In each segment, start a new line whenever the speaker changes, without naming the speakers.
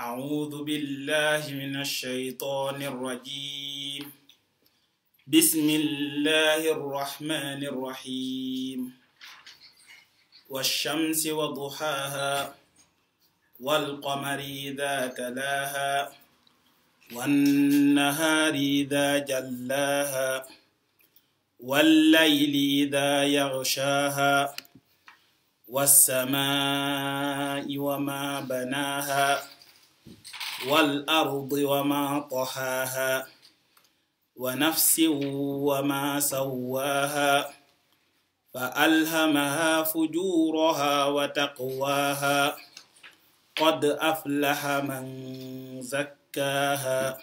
أعوذ بالله من الشيطان الرجيم بسم الله الرحمن الرحيم والشمس وضحاها والقمر إذا تلاها والنهار إذا جلاها والليل إذا يغشاها والسماء وما بناها والأرض وما طحاها ونفس وما سواها فألهمها فجورها وتقواها قد أفلح من زكاها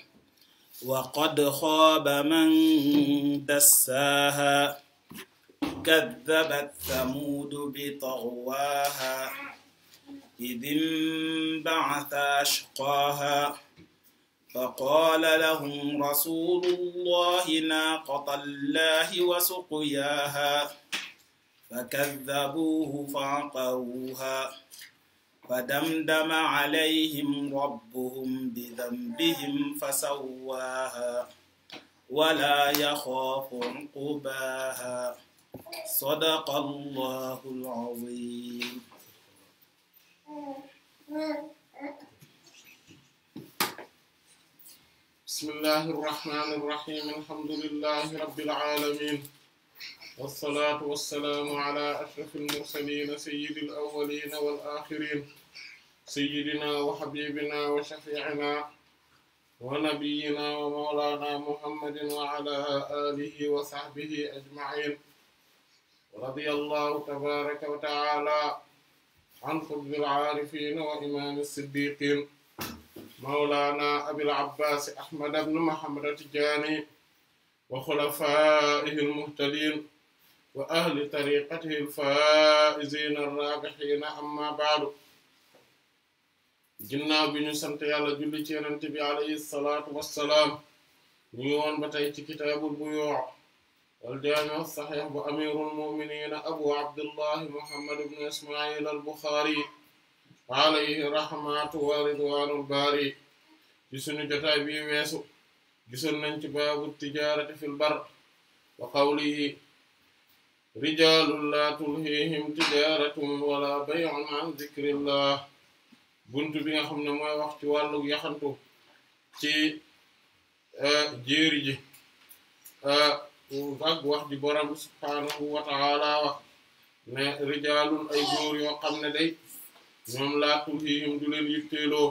وقد خاب من دساها كذبت ثمود بطغواها إذ انبعث أشقاها فقال لهم رسول الله ناقة الله وسقياها فكذبوه فعقروها فدمدم عليهم ربهم بذنبهم فسواها ولا يخاف عقباها صدق الله العظيم بسم الله الرحمن
الرحيم الحمد لله رب العالمين والصلاة والسلام على أشرف المرسلين سيد الأولين والآخرين سيدنا وحبيبنا وشفيعنا ونبينا ومولانا محمد وعلى آله وصحبه أجمعين رضي الله تبارك وتعالى عن فضل العارفين وإمام الصديقين مولانا أبي العباس أحمد بن محمد الجاني وخلفائه المهتدين وأهل طريقته الفائزين الرابحين أما بعد جنا بن ñu sant yàlla julli عليه الصلاه والسلام alayhi salaatu كتاب البيوع والجامع الصحيح وأمير المؤمنين أبو عبد الله محمد بن إسماعيل البخاري عليه رحمة ورضوان الباري جسن جتاي بي ويسو جسن ننت باب التجارة في البر وقوله رجال لا تلهيهم تجارة ولا بيع عن ذكر الله بنت بيها خمنا ما وقت والو يخانتو تي جيري جي ak wax di borom subhaanahu wa ta'ala wax ne rijaalun ay góor yoo xam ne day ñoom laa tulhiihim du leen yitteeloo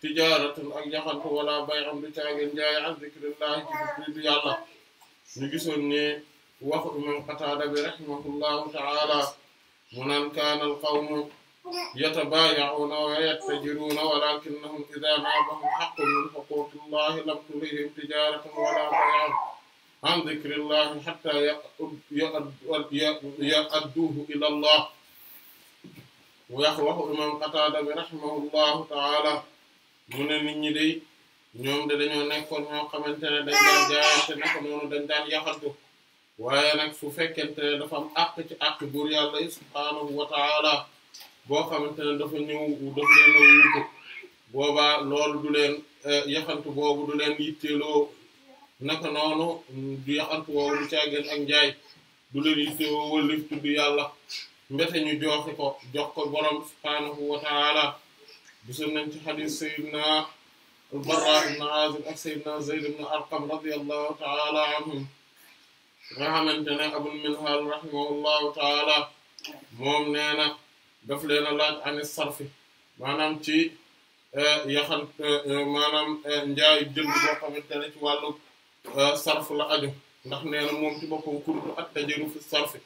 tijaratun ak yaxantu wala bay am du caageen njaay an zikrillahi ci tuddu yàlla ñu gisoon ne waxu imam Qataada bi rahimahullahu ta'ala mu naan kaana al qawmu يتبايعون ويتجرون ولكنهم إذا نابهم حق من حقوق الله لم تلهم تجارة ولا بيع عن ذكر الله حتى يؤدوه إلى الله ويخوه إمام Qataada برحمه الله تعالى من ne nit ñi day ñoom de dañoo nekkoon ñoo xamante ne dañ daan jaayante naka noonu dañ daan yaxantu waaye nag su fekkente dafa am ak ci ak bur yàlla subhanahu wa taala bo xamantene dafa ñëw daf leen a wuutu boba lool du leen yaxantu bobu du leen yittelo naka noonu du yaxantu woowu du caageen ak njaay du leen yittewoo wëllif tudd yàlla mbete ñu jooxi ko jox ko borom subhaanahu wa taala gisoon nañ ci xadis sayidna al-Barra ibn Aazib ak sayidna Zayd ibn Arqam radiyallahu taala anhum nga xamante ne Abul Minhaal rahimahullahu taala moom nee na daf leen a laaj ani sarfi maanaam ci yaxant maanaam njaay jënd boo xamante ne ci wàllu Euh, sarf la aju ndax nee na moom ci boppam kuréelu at tajaru fi sarfi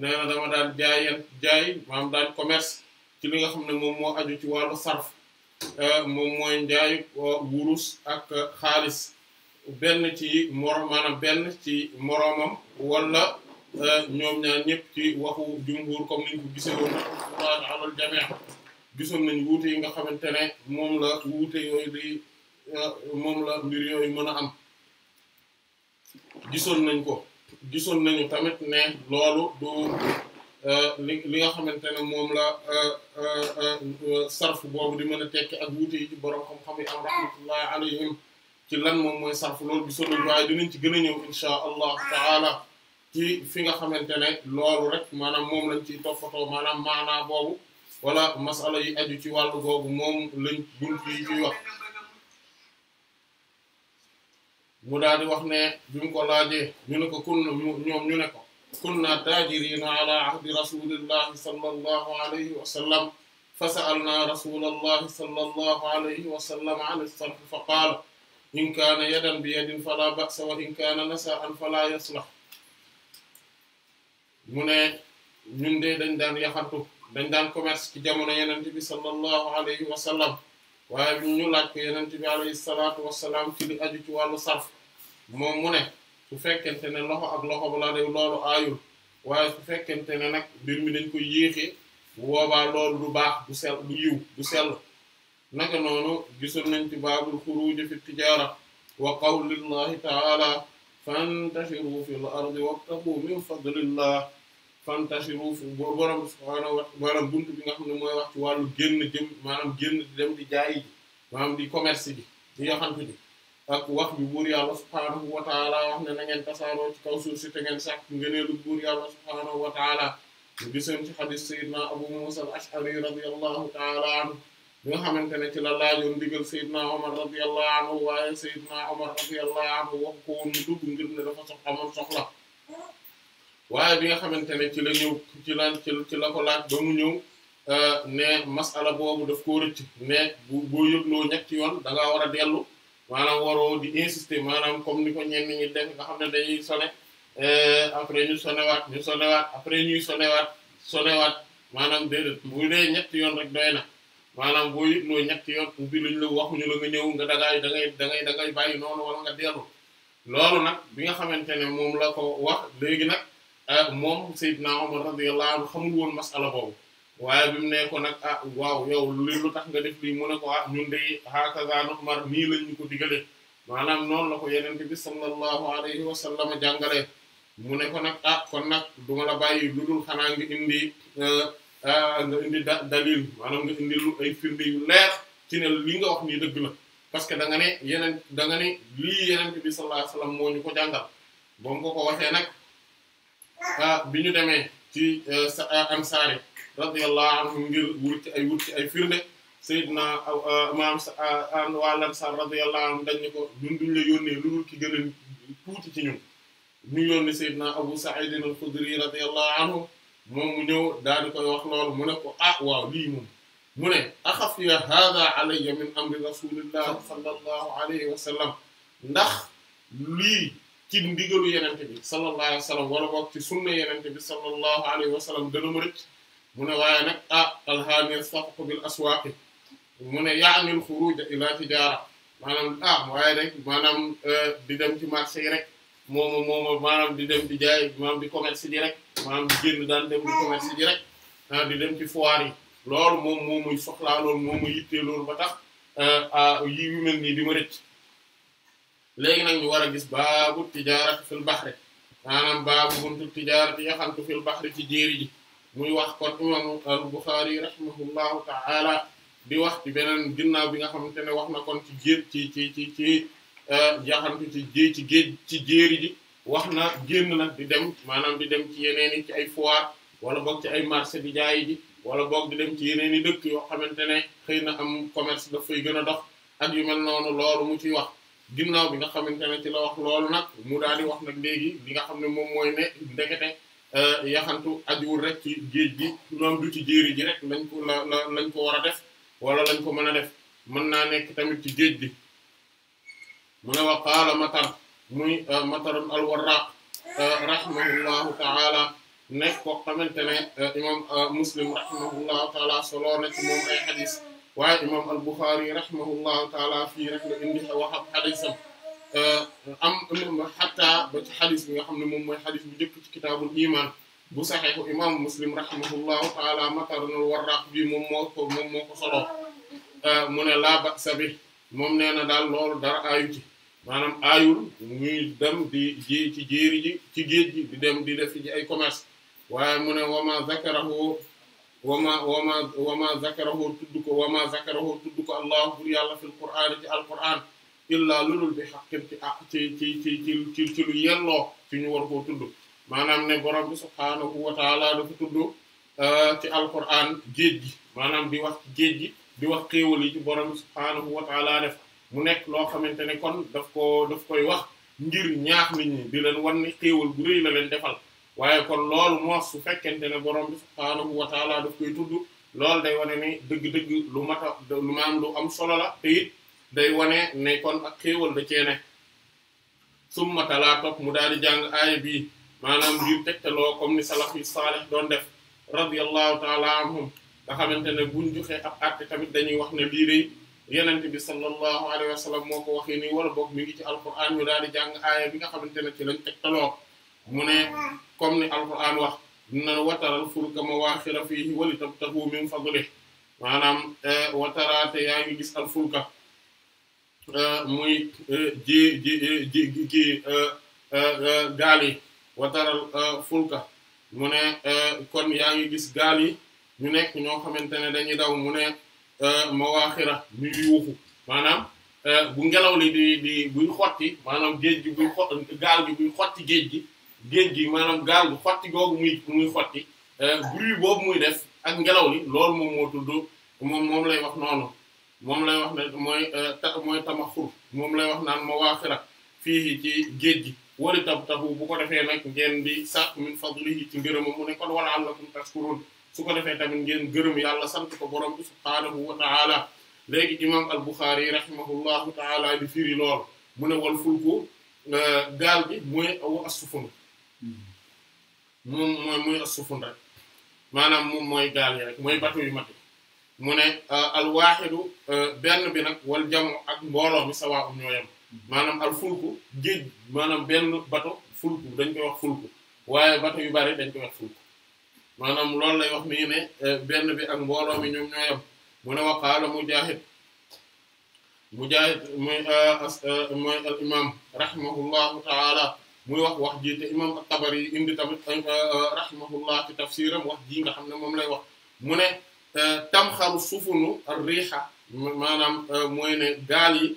nee dama daal jaayeen jaay maanaam daal commerce ci li nga xam ne moom moo aju ci wàllu sarf euh, moom mooy njaay euh, wurus ak xaalis benn ci moroom maanaam benn ci moroomam wala ñoom ñaar ñëpp ci waxu jumhur comme niñ ko gisee woon rahmatullahi alal jamii gisoon nañ yi nga xamante ne moom la wuute yooyu moom la mbir yooyu mën a am gisoon nañ ko gisoon nañu tamit ne loolu du euh, li li nga xamante ne moom la euh, euh, sarf boobu di mën a tekki ak wuute yi ci borom xam-xam yi am rahmatullahi alayhim ci lan moom mooy sarf loolu gisoon nañ waaye dinañ ci gën a ñëw insha allahu taala ci fi nga xamante ne loolu rek maanaam moom lañ ciy toppatoo maanaam maanaa boobu wala masala yi aju ci wàllu googu moom lañ buntu yi wax mu daal wax ne bimu ko laajee ñu ne ko kun ñoom ñu ne ko kunna taajiriina ala ahdi rasulillahi sallallahu alayhi wa sallam fa sa'alna rasulallahi sallallahu alayhi wa sallam an as-sarf fa qaala in kaana yadan bi yadin fala ba'sa wa in kaana nasa'an fala yaslah mu ne ñun de dañ daan yaxatu dañ daan commerce ci jamono yenente bi sallallahu alayhi wa sallam waaye bi ñu laaj ko yeneen bi alayhi salaatu wassalaam ci li aju ci wàllu sarf moom mu ne su fekkente ne loxo ak loxo balaa day loolu aayul waaye su fekkente ne nag mbir mi dañ koy yéexee boobaa loolu du baax du sell du yiw du sell naka noonu gisoon nañ ci baabul xuruuj fi tijaara wa qawlillahi ta'ala fantashiru fil ardi wabtaghu min fadlillah fantashiru fi borom subhaanahu wa maanaam buntu bi nga xam ne mooy wax ci wàllu génn jëm maanaam génn dem di jaay ji maanaam di commerce bi di yaxantu ji wa taala wax ne na ngeen tasaaroo ci kaw suuf si te ngeen sàkk ngëneelu buur yàlla subhaanahu wa taala ñu gisoon ci xadis sayidna abu musa al ashari taala anhu bi nga ne ci la laajoon ndigal sayidna omar radiyallahu anhu waaye sayidna omar wax ko woon mu dugg ngir soxla waaye bi nga xamante ne ci la ñëw ci la ci la ko laaj ba mu ñëw euh, ne masala boobu daf koo rëcc ne bu boo yëgloo ñetti yoon da war a dellu maanaam waroo di insister maanaam comme ni ko ñenn ñi def nga xam ne dañuy sone euh, après ñu sonewaat ñu sonewaat après ñuy sonewaat sonewaat maanaam déedéet bu dee ñetti yoon rek na maanaam boo yëgloo ñetti yoon ubbi luñ la waxuñu la nga ñëw nga dagaay da ngay da ngay da ngay bàyyi noonu nga dellu loolu nag bi nga xamante ne moom la ko wax léegi nag. Ah, moom Seydina Omar radiyallahu anhu xamul woon masala boobu waaye bi mu ne ko nag ah waaw yow li lu tax nga def lii mu ne ko ah ñun de hakaza nu'mar nii lañ ñu ko digale maanaam noonu la ko yenente bi sallallahu alayhi wa sallam jangale mu ne ko nag ah kon nag duma la bàyyi lu dul xanaa nga indi ah, ah, nga indi dalil maanaam nga indi lu ay firnde yu leer ci ne li nga wax nii dëgg la parce que da nga ne yeneen da nga ne lii yenente bi sallallahu alayhi wa sallam moo ñu ko jàngal boo ko ko waxee nag Ah, bi ñu demee ci euh, euh, ansaari radiyallahu anhum ngir wut ci ay wut ci ay firnde sayyidna euh, maam waa lansaar radiyallahu anhum dañ ñu ko ñun duñ la lu dul ki gën a tuuti ci ñun ñu yónni sayyidna abu sa'id al-khudri radiyallahu anhu moom mu ñëw daal di koy wax lool mu ne ko ah waaw lii moom mu ne axafiya hada alayya min amri rasulillah sallallahu alayhi wa sallam ndax lii ci ndigalu yenente bi sallallahu alayhi wa ci sunna yenente bi sallallahu alayhi wa sallam gën a ma rëcc mu ne waaye ah alhaani safqu bil aswaaqi mu ne yaani ila tijaara maanaam ah waaye rek maanaam euh, di dem ci marché yi rek mooma mooma maanaam di dem di jaay maanaam di commerce ji rek maanaam di dem di commerce ji rek ah, di dem ci foire moom moo muy soxlaa loolu moo euh, ah, di ma rëcc léegi nag war a gis baabu tijaarati fil baxri maanaam baabu buntu tijaarati yaxantu fil baxri ci jéeri ji muy wax kon imam al Buxaari rahimahullahu ala bi wax ci beneen ginnaaw bi nga xamante ne wax na kon ci jéer ci ci ci ci yaxantu euh, ci jéer ci géej ci jéeri ji wax na génn na di dem maanaam di dem ci yeneen ci ay foire wala boog ci ay marché di jaay ji wala boog di dem ci yeneen i dëkk yoo xamante ne xëy na am commerce daf fay gën a dox ak yu mel noonu loolu mu ci wax ginnaaw bi nga xamante ne ci la wax lool nag mu daal di wax nag léegi li nga xam ne moom mooy ne ndekete euh, yaxantu ajuwul rek ci géej gi moom du ci jéeri ji rek lañ ko la lañ ko war a def wala lañ ko mën a def mën naa nekk tamit ci géej gi mu ne wa qaala matar muy euh, matarun alwarraq euh, rahimahullahu taala nekk koo xamante ne imam muslim rahimahullahu taala soloo na ci moom xadis waaye imam al Bukhari rahimahullahu taala fii rek la indi wax ab xadisam euh, am xataa ba ci xadis bi nga xam ne moom mooy xadis bu njëkk ci bu saxeexu imam muslim rahimahullahu taala mataranul warraq bi moom moo ko moo ko solo euh, mu ne laa ba'sa bi moom nee na daal lool dara aayu ci maanaam aayul muy dem di ji ci ji gi di dem di def ci ay commerce waaye mu ne wama zakarahu wama wama wama zakarahu tudd ko wama zakarahu tudd ko allah bur yàlla fil qur'aan ci alqur'aan illaa lulul bi haqqin ci a ah, ci ci ci ci ci lu yelloo ci ñu war koo tudd maanaam ne borom bi subhaanahu wa taala dafa tudd ah, ci alqur'aan géej gi maanaam di wax ci géej gi di wax xéewal yi ci borom bi subhaanahu wa taala def mu nekk loo xamante ne kon daf koo daf koy wax ngir ñaax nit ñi di leen wan ni xéewal bu rëy la leen defal waye kon loolu mo su fekkente ne borom bi subhanahu wa taala daf koy tuddu lool day wone ni deug deug lu mata lu maam lu am solo la te it day wone ne kon ak xewal da ne summa tala top mu daal jang ay bi manam maanaam biir lo comme ni salaf yi saalih doon def radiyallahu taala anhum da xamantene ne buñ joxe ak àtte tamit dañuy wax ne bi re yenent bi sallallahu alayhi wa sallam ko wala bok mi ngi ci alquran ñu daal jang ay bi nga xamantene ci lañ lo mu ne comme ni alquran wax na wataral fulka mawaaxira fiihi walitabtahu min fadlihi maanaam wataraate yaa ngi gis al fulka muy ji ji ji ji gaal yi wataral fulka mu ne kon yaa ngi gis gaal yi ñu nekk ñoo xamante ne dañuy daw mu ne mawaaxira ñu yuuxu maanaam bu ngelaw li di di buy xotti maanaam géej gi buy xot gaal gi buy xotti géej gi géej gi maanaam gaal gu fatti gog muy muy euh bruit bobu muy def ak ngelaw li loolu mom mo tuddu mom mom lay wax noonu mom lay wax moy mooy moy tamakhur mom lay wax nan ma waaxira fii ci géej gi wari tab taxu bu ko defé nak ngeen bi sa min fadlihi ci ngeerum mu ne kon wala allakum tashkurun su ko defé tam ngeen ngeerum yàlla sant ko borom subhanahu wa ta'ala léegi imam al Bukhari rahimahullahu ta'ala bi firi lool mu ne wal fulku gal bi moy wa asfunu moom mooy muy rek maanaam moom mooy gaal yi rek mooy bato yu mag yi mu ne euh, alwaaxidu euh, benn bi nag wal jamu ak mbooloo sawa sawaa um ñoo yem maanaam al fulku géej maanaam benn bato fulku dañ koy wax fulku waaye bato yu bari dañ koy wax fulku maanaam loolu lay wax euh, benn bi ak mbooloo mi ñoom ñoo yem mu ne waqaala mujaahid mujaahid mooy mooy al imam rahimahullahu taala muy wax wax ji te imam at-Tabari indi tamit rahimahullah ci tafsiram wax ji nga xamne mom lay wax mune ne tamxaru sufunu ar-riha manam moy ne gal yi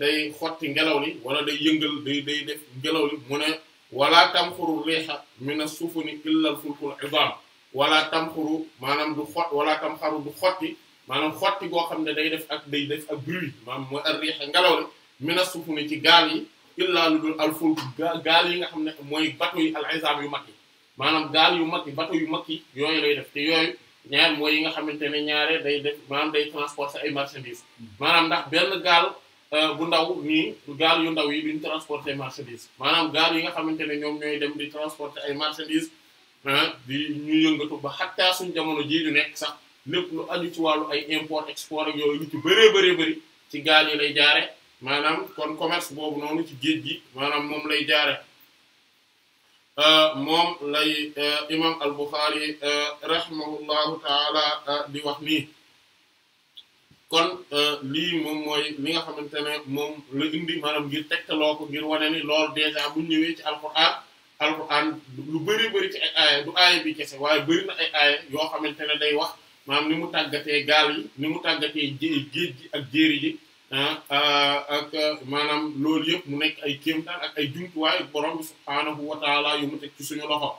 day xoti ngelaw li wala day yëngal day day def ngelaw li mune ne wala tamxuru riha min as-sufuni illa al-fulkul idam wala tamxuru manam du xot wala tamxaru du xoti manam xoti go xamne day def ak day def ak bruit manam moy ar-riha ngelaw li min as-sufuni ci gal yi illaa lu dul alfulk gaal yi nga xam ne mooy bateau yi al-izam yu mag yi maanaam gaal yu mag yi bateau yu mag yi yooyu lay def te yooyu ñaar mooy yi nga xamante ne ñaare day def maanaam day transporter ay marchandises maanaam ndax benn gaal euh, bu ndaw nii gaal yu ndaw yi duñ transporter marchandises maanaam gaal yi nga xamante ne ñoom ñooy dem di transporter ay marchandises bi ñu yëngatu ba xattaa suñ jamono jii ñu nekk sax lépp lu aju ci wàllu ay import export yooyu lu ci bëree bëree bëri ci gaal yi lay jaare maanaam kon commerce boobu noonu ci géej gi maanaam moom lay jaare euh, moom lay euh, imam al-Bukhari euh, rahimahullahu taala di wax nii kon lii moom mooy li nga xamante ne moom la indi maanaam ngir tegtaloo ko ngir wane ni loolu déjà bu ñëwee ci alquran alquran lu bari bari ci ay aaya du aaya bi kese waaye bari na ay aaya yoo xamante ne day wax maanaam ni mu tàggatee gaal yi ni mu tàggatee géej gi ak jéeri ji ak maanaam loolu yëpp mu nekk ay kéemtaan ak ay jumtuwaay borom bi subhaanahu wa taala yu mu teg ci suñu loxo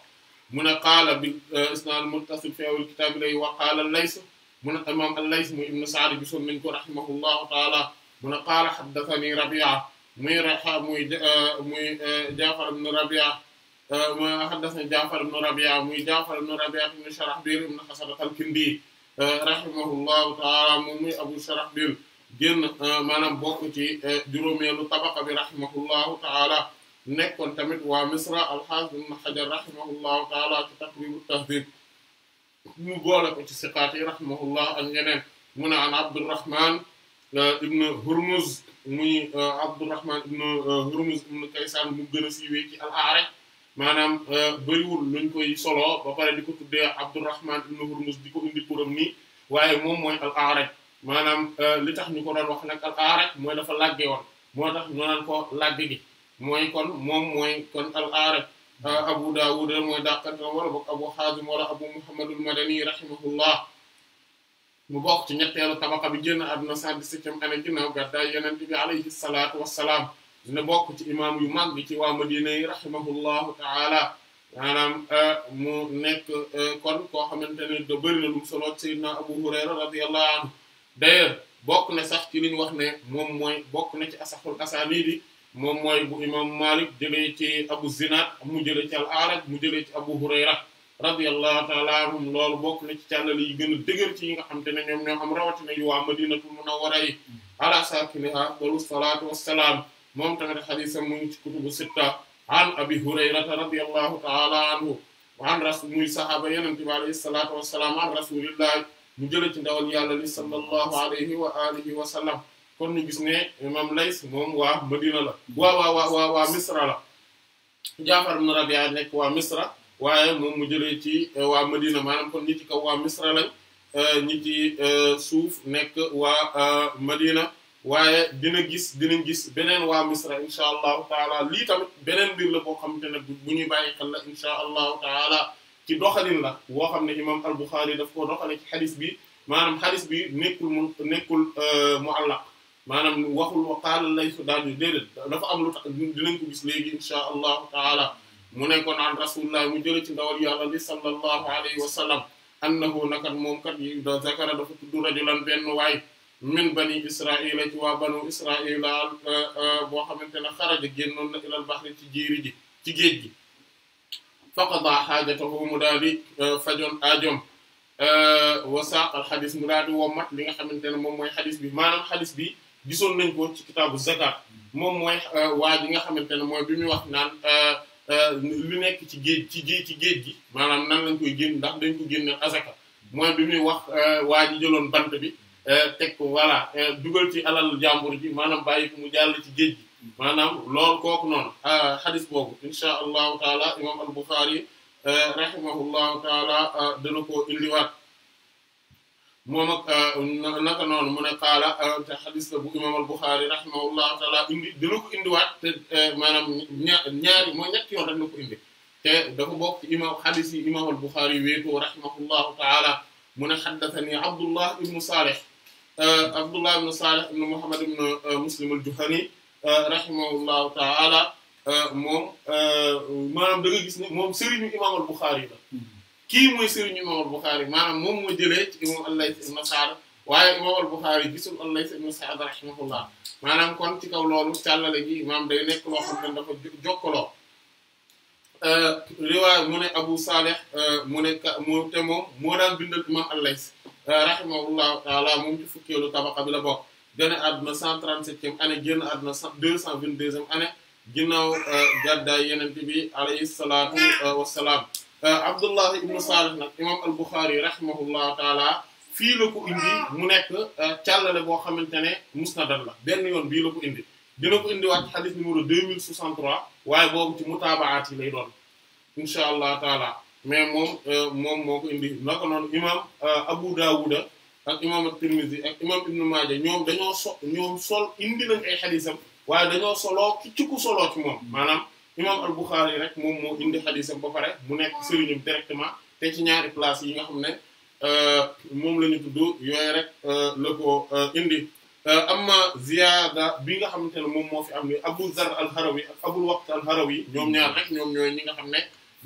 mu ne qaala bi isnaad muttasil fi awwal kitaab lay wa qaala lays mu ne imaam al-lays mu ibnu sa'd bi son nañ ko rahimahullahu taala mu ne qaala haddathani rabi'a muy raxa muy muy jaafar ibn rabi'a ma haddathani jaafar ibn rabi'a muy jaafar ibn rabi'a ibn sharahbil ibn hasan al-kindi rahimahullahu taala mu muy abu sharahbil gen manam bok ci juromelu tabaqa bi rahimahullahu taala nekkon tamit wa misra alxaafis ibn xajar rahimahullahu taala ci takrib taqribu tahdib mu boole ko ci siqaat yi ak ñeneen muna an abdurrahman ibn hurmuz muy abdurrahman ibn hurmuz ibn kaysan mu gëna ci wé ci al manam bari wul luñ koy solo ba pare diko tuddé abdurrahman ibn hurmuz diko indi pouram ni waye mom moy al aaraj maanaam euh, li tax ñu ko doon wax nag al aaraj mooy dafa lagge woon moo tax ñu naan ko lagge gi mooy kon moom mooy kon al aarak euh, abu dawud mooy dàqantam wala boog abu xaazim wala abu muhammadul madani rahimahullah mu bokk ci ñetteelu tabaqa bi génn àdduna 117e année ginnaaw gàddaay yonent bi alayhi salaatu wassalaam dina bokk ci imaam yu mag ci waa madina yi rahimahullahu ta'ala maanaam euh, mu nekk kon koo xamante ne da bëri na lu mu abu hurayra d'ailleurs bokk na sax ci li ñu wax ne moom mooy bokk na ci asaxul asaaniid yi moom mooy bu imam Malik jëlee ci Abu Zinaad mu jëlee ci al-A'raj mu jëlee ci Abu Hurayra radiyallahu ta'ala anhum loolu bokk na ci càllal yi gën a dëgër ci yi nga xam te ne ñoom ñoo xam rawatina yu waa Madinatul Munawwara yi a saakiniha balu salaatu wassalaam moom tamit xadisam mu ngi ci kutubu sitta an Abi Hurayrata radiyallahu ta'ala anhu an rasul muy sahaaba yenente bi alayhi salaatu wassalaam an mu jële ci ndawal yàlla li sallallahu alayhi wa alihi wa sallam kon ñu gis ne imam Lays moom waa Madina la waa waa waa waa waa Misra la Jaafar ibn Rabi'a nekk waa Misra waaye moom mu jëlee ci euh, waa Madina maanaam kon ñi ci kaw waa Misra lañ euh, ñi ci euh, suuf nekk waa Madina waaye dina gis dinañ gis beneen waa Misra insha allahu taala lii tamit beneen mbir la boo xamante ne bu ñuy bàyyi xel la insha allahu taala ci doxalin la wo xamne imam al-Bukhari daf ko doxale ci hadith bi manam hadith bi nekul nekul mu'allaq manam waxul wa qala laysu daal dedet dafa am lu dinañ ko gis legi insha allah taala muné ko nan rasulullah mu jël ci ndawal yàlla li sallallahu alayhi wa sallam annahu nakat mom kat yi do zakara dafa tuddu rajulan ben way min bani israila ci waa banu israila bo xamantene ne xaraja génnoon na ilal bahri ci jiri ji ci géej gi faqada xaajatahu mu daal di fajoon ajoom wa al xadis mu daal di mat li nga xamante ne moom mooy xadis bi maanaam xadis bi gisoon nañ ko ci kitaabu zakat moom mooy euh, waa ji nga xamante ne mooy bi muy wax naan euh, euh, lu nekk ci géej ci géej ci géej gi maanaam nan génn ndax dañ ko génne azaka mooy bi muy wax waa ji jëloon bant bi teg ko voilà dugal ci alal jàmbur ji maanaam bàyyi ko mu jàll ci géej gi maanaam loolu kooku noonu ah, xadis boobu insha allahu taala imam al Bukhari eh, rahimahullahu taala eh, dana ko indiwaat moom ak eh, naka noonu mu ne qaala te xadis la bu imam al Bukhari rahimahullahu taala indi dana ko indiwaat te maanaam ñaari mooy ñetti yoon rek na ko indi te dafa bokk ci imam xadis yi imam al Bukhari wéetoo rahimahullahu taala mu ne xaddatani abdullah ibnu saleh abdullah ibnu saleh ibnu muhammad ibnu muslim al juhani rahimahullahu ta'ala moom maanaam da nga gis ne moom sëriñu imam al-Bukhari la kii mooy sëriñu imam al-Bukhari maanaam moom moo jëlee ci imam al-Layth ibn Sa'd waaye imam al-Bukhari gisul al-Layth ibn Sa'd rahimahullah maanaam kon ci kaw loolu càllale gi maanaam day nekk loo xam ne dafa jokkaloo riwaay mu ne Abu Salih mu ne ka mu te moom moo daan bindal imam al-Layth rahimahullahu ta'ala moom ci fukkeelu tabaqa bi la bokk gane àdduna 137e année génn àdduna 222e année ginnaaw euh, gàddaay yenente bi alayhi salaatu euh, wassalaam euh, Abdullah ibn Salih nag imam al-Bukhari rahimahullahu taala fii la ko indi mu nekk càllale boo xamante ne musnadal la benn yoon bii la ko indi dina ko indi waat xadis numéro 2063 waaye boobu ci mutaabaat lay doon insha allah taala mais moom moom moo ko indi naka noonu imam Abu Dawuda ak imam at-Tirmidhi ak imam Ibn Maaja ñoom dañoo so ñoom sol indi nañ ay xadisam waaye dañoo soloo ci ku soloo ci moom maanaam imam al-Bukhari rek moom moo indi xadisam ba pare mu nekk sëriñam directement te ci ñaari place yi nga xam ne moom la ñu tudd rek la indi amma ziyaada bi nga xamante ne moom fi am Abu Zar al-Harawi ak Abul Waqt al-Harawi ñoom ñaar rek ñoom ñooy ñi nga xam ne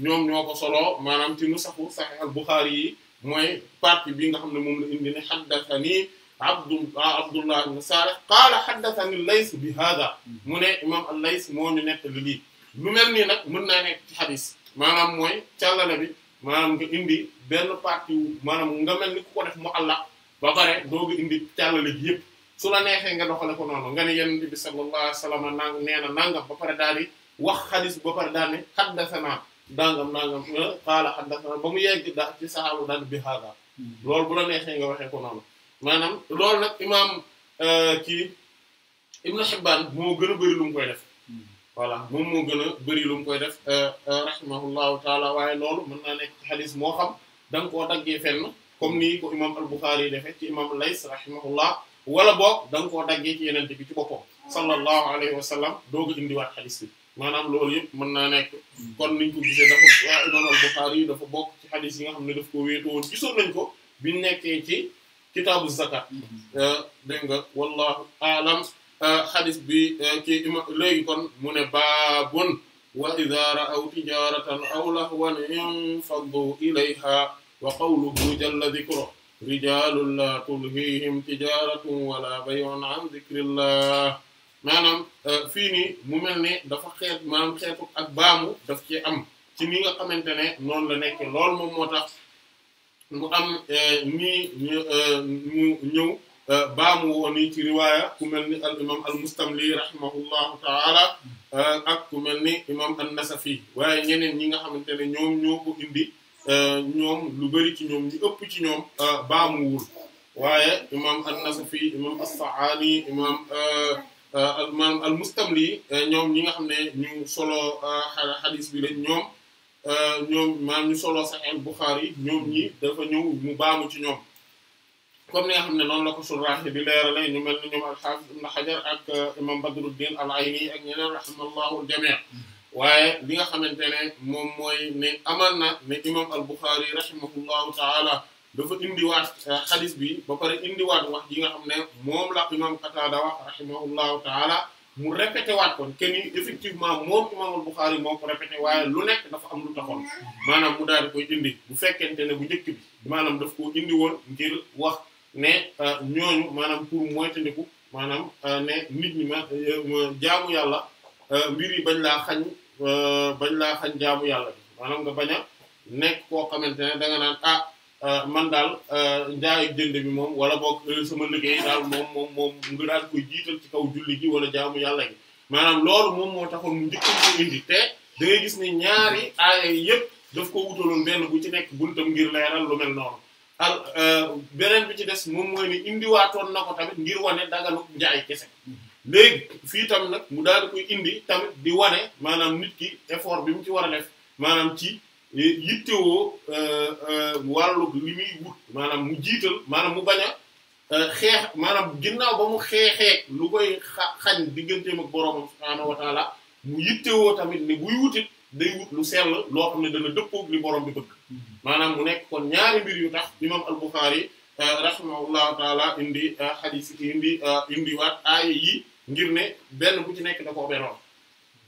ñoom ñoo ko soloo maanaam Sahih al-Bukhari mooy partie bi nga xam ne moom la indi ne haddathani Abdu Abdullah ibn Salih qaala haddathani Lays bi hada mu ne imaam al-Lays moo ñu nettali lii lu mel nii nag mën naa nekk ci xadis maanaam mooy càllale bi maanaam nga indi benn partie wu maanaam nga mel ni ku ko mu àllaq ba pare dooga indi càllale gi yëpp su la neexee nga doxale ko noonu nga ne Yonent bi sallallahu alayhi wa sallam nang nee na ba pare daal di wax xadis ba pare daal ne haddathana nangam nangam eh, qaala haddathana ba mu yegg da ci saxaabu daal bi hada hmm. loolu bu la neexee nga waxee ko noonu maanaam loolu nag imaam eh, kii Ibn Hibbaan moo gën a bëri lu mu koy def hmm. voilà moom moo gën a bëri lu mu koy def eh, rahimahullahu taala waaye loolu mën naa nekk xadis moo xam da nga koo daggee fenn comme nii ko imaam al-Bukhari defee ci imaam Lays rahimahullah wala boog da nga koo daggee ci yeneen bi ci boppam ah. sallallahu alayhi wa sallam dooga indiwaat xadis bi maanaam loolu yëpp mën naa nekk kon niñ ko gisee dafa waa imam al-Bukhari yi dafa bokk ci xadis yi nga xam ne daf ko wéetoon gisoon nañ ko biñ nekkee ci kitaabu zakat euh, dégg nga wallahu aalam xadis euh, bi ci euh, ima léegi kon mu ne baabun wa idha ra'aw tijaratan aw lahwan infaddu ilayha wa qawluhu jalla dhikruhu rijalun la tulhihim tijaratun wala bay'un an dhikrillah maanaam euh, fii nii mu mel ni dafa xeet maanaam xeetu ak baamu daf ci am ci ni nga xamante ne noonu la nekk lool moom moo tax mu am euh, ni euh, mu ñëw baamu woon nii ci riwaaya ku mel ni al imam al mustamli rahimahullahu taala ak ku mel ni imam an nasafi waaye ñeneen ñi nga xamante ne ñoom ñoo ko indi ñoom lu bari ci ñoom ñu ëpp ci ñoom baamuwul waaye imam an nasafi imam as-saani imam Euh, maanaam al mustamli euh, ñoom ñi nga xam ne ñu solo euh, xadis bi lañ ñoom ñoom maanaam ñu solo sax al Bukhari ñoom ñi dafa ñëw ñu baamu ci ñoom comme ni nga xam ne noonu la ko surraax di leerale ñu mel ni ñoom al-Hafiz Ibn Hajar ak imam Badruddin al-Ayni ak ñeneen rahimallahu al-jami' waaye li nga xamante ne moom mooy ne amaan na ne imam al Bukhari rahimahullahu taala dafa indiwaat euh, xadis bi ba pare indiwaat wax yi nga xam ne moom la imam Qatada wax rahimahullahu taala mu répété waat ko ken ni effectivement moom imaamul Buxaari moo ko répété waaye lu nekk dafa am lu taxoon maanaam mu daal di koy indi bu fekkente ne bu njëkk bi maanaam daf koo indi woon ngir wax ne euh, ñooñu maanaam pour moytandiku maanaam euh, ne nit ñi ma jaamu yàlla mbir yi bañ laa xañ bañ laa xañ jaamu yàlla bi maanaam nga bañ nekk koo xamante Euh, man daal euh, njaay ak jënd bi moom wala boog euh, sama liggéey daal moom moom moom nga daal koy jiital ci kaw julli gi wala jaamu yàlla gi maanaam loolu moom moo taxoon mu njëkkoon ko indi te da ngay gis ne ñaari aaya yëpp daf ko wutaloon benn bu ci nekk buntam ngir leeral lu mel noonu al beneen bi ci des moom mooy ne indiwaatoon na ko tamit ngir wane daganu njaay kese léegi fii tam nag mu daal koy indi tamit di wane maanaam nit ki effort bi mu ci war a def maanaam ci yittewoo euh, euh, wàllu li muy wut maanaam mu jiital maanaam mu bañ a euh, xeex maanaam ginnaaw ba mu xeexee lu koy xañ digganteem ak boroomam subhaanahu wa taala mu yittewoo tamit ne buy wutit day wut lu sell loo xam ne dana dëppoog li borom bi bëgg maanaam mu nekk kon ñaari mbir yu tax imam al-Bukhari rahimahullahu taala indi hadith indi indi waat aaya yi ngir ne benn bu ci nekk da koo bennoon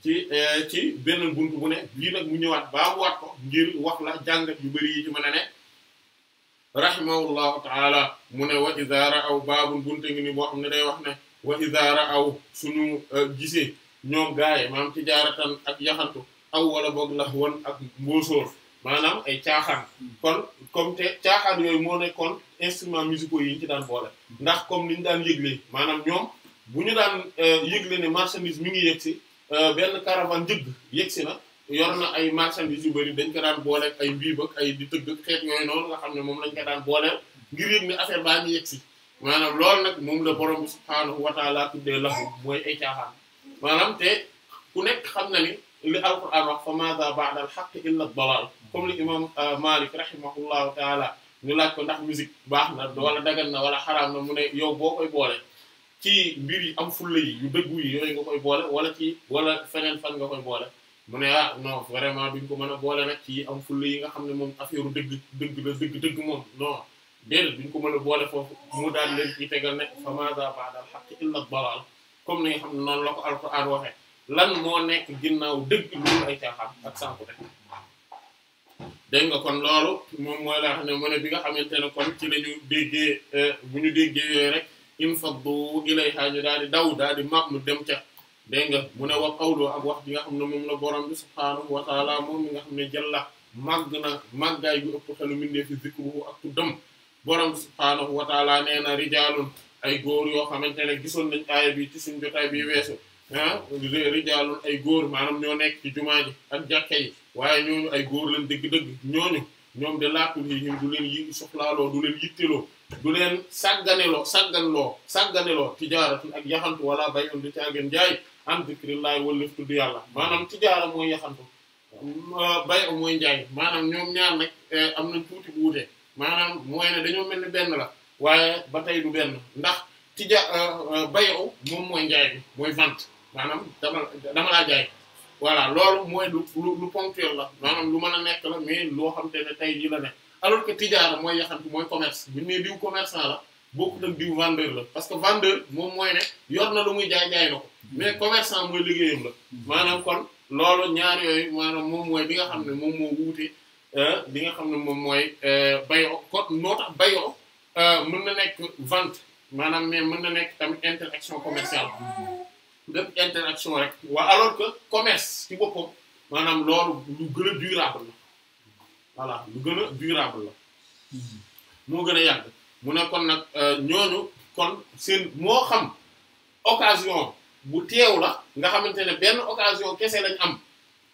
ci eh, ci benn buntu bu ne lii nag mu ñëwaat baabuwaat ko ngir wax la jàngat yu bari yi ci mën a ne rahimahullahu taala mu ne wa iza aw baabul bunte ngi ni boo xam ne day wax ne wa iza aw suñu eh, gisee ñoom gaaye maanaam ci jaaratan ak yaxantu aw wala boog lax wan ak mboosóor maanaam ay caaxaan kon comme te caaxaan yooyu moo nekkoon instruments musicaux yi ñu ci daan boole ndax comme ni ñu daan yëgle maanaam ñoom bu ñu daan eh, yëgle ne marchandise mi ngi yegg si Euh, benn caravane njëgg yegsi na yor na ay marchandises si bari dañ ko daan boole ay mbiib ay di tëgg xeet yooyu noonu nga xam ne moom lañ ko daan booleel ngir yëg ne affaire baa ngi yegsi maanaam loolu nag moom la borom bi subhaanahu wa ta'aala tuddee mooy ay caaxaan maanaam te ku nekk xam na ni li alquran wax fa maza ba'da al-haqq illa ad-dalal comme li imam euh, Malik rahimahullahu ta'ala ñu laaj ko ndax musique baax na wala dagan na wala xaraam na mu ne yow boo koy boole ci mbir yi am fulla yi yu dëggu yi yooyu nga koy boole wala ci wala feneen fan nga koy boole mu ne ah non vraiment duñ ko mën a boole nag ci am fulla yi nga xam ne moom affaire dëgg dëgg la dëgg dëgg moom non déedéet duñ ko mën a boole foofu mu daal leen ci tegal ne fa maza ba'dal haqqi illa dalal comme ni nga xam ne noonu la ko alquran waxee lan moo nekk ginnaaw dëgg loolu ay caaxaan ak sànku rek dégg nga kon loolu moom mooy la xam ne mu ne bi nga xamante ne kon ci la ñu euh, bu ñu déggee im faddu ilayha ñu daal di daw daal di maam dem ca dégg nga mu ne wax qawlu ak wax ji nga xam ne moom la borom bi subhaanahu wa moom nga xam ne jalla màgg na màggaay yu ëpp xelu mindee fi zikruhu ak tuddam borom bi subhaanahu wa taala nee na ay góor yoo xamante ne gisoon nañ aaya bi ci suñ jotaay bi weesu ah rijaalun ay góor maanaam ñoo nekk ci jumaa ji ak jàkka yi waaye ñooñu ay góor lañ dëgg-dëgg ñooñu ñoom de laakul yi ñun du leen yi soxlaaloo du leen yitteloo du leen sàgganeloo sàgganloo sàgganeloo tijaaratul ak yaxantu wala bayun du caageen jaay am zikrillahi wala tudd yàlla maanaam tijaara mooy yaxantu euh, bay mooy njaay maanaam ñoom ñaar nag euh, am nañ tuuti bu maanaam mooy ne dañoo mel ni benn la waaye ba tey du benn ndax tija euh, bay moom mooy njaay bi mooy vente maanaam dama dama laa jaay voilà loolu mooy lu lu lu ponctuel la maanaam lu mën a nekk la mais loo xam te ne tey jii la ne alors que tijaara mooy yaxantu mooy commerce bi ne diw commerçant la bokkut ak diw vendeur la parce que vendeur moom mooy ne yor na lu muy jaay jaay na ko mais commerçant mooy liggéeyam la maanaam kon loolu ñaar yooyu maanaam moom mooy li nga xam ne moom moo wuute li euh, nga xam ne moom mooy euh, bayoo kon noo tax bayoo euh, mën na nekk vente maanaam mais mën na nekk tamit interaction commerciale def interaction rek waa alors que commerce ci bopp maanaam loolu lu gën a durable la voilà lu gën a durable la moo gën a yàgg mu ne kon nag euh, ñooñu kon seen moo xam occasion bu teew la nga xamante ne benn occasion kese lañ am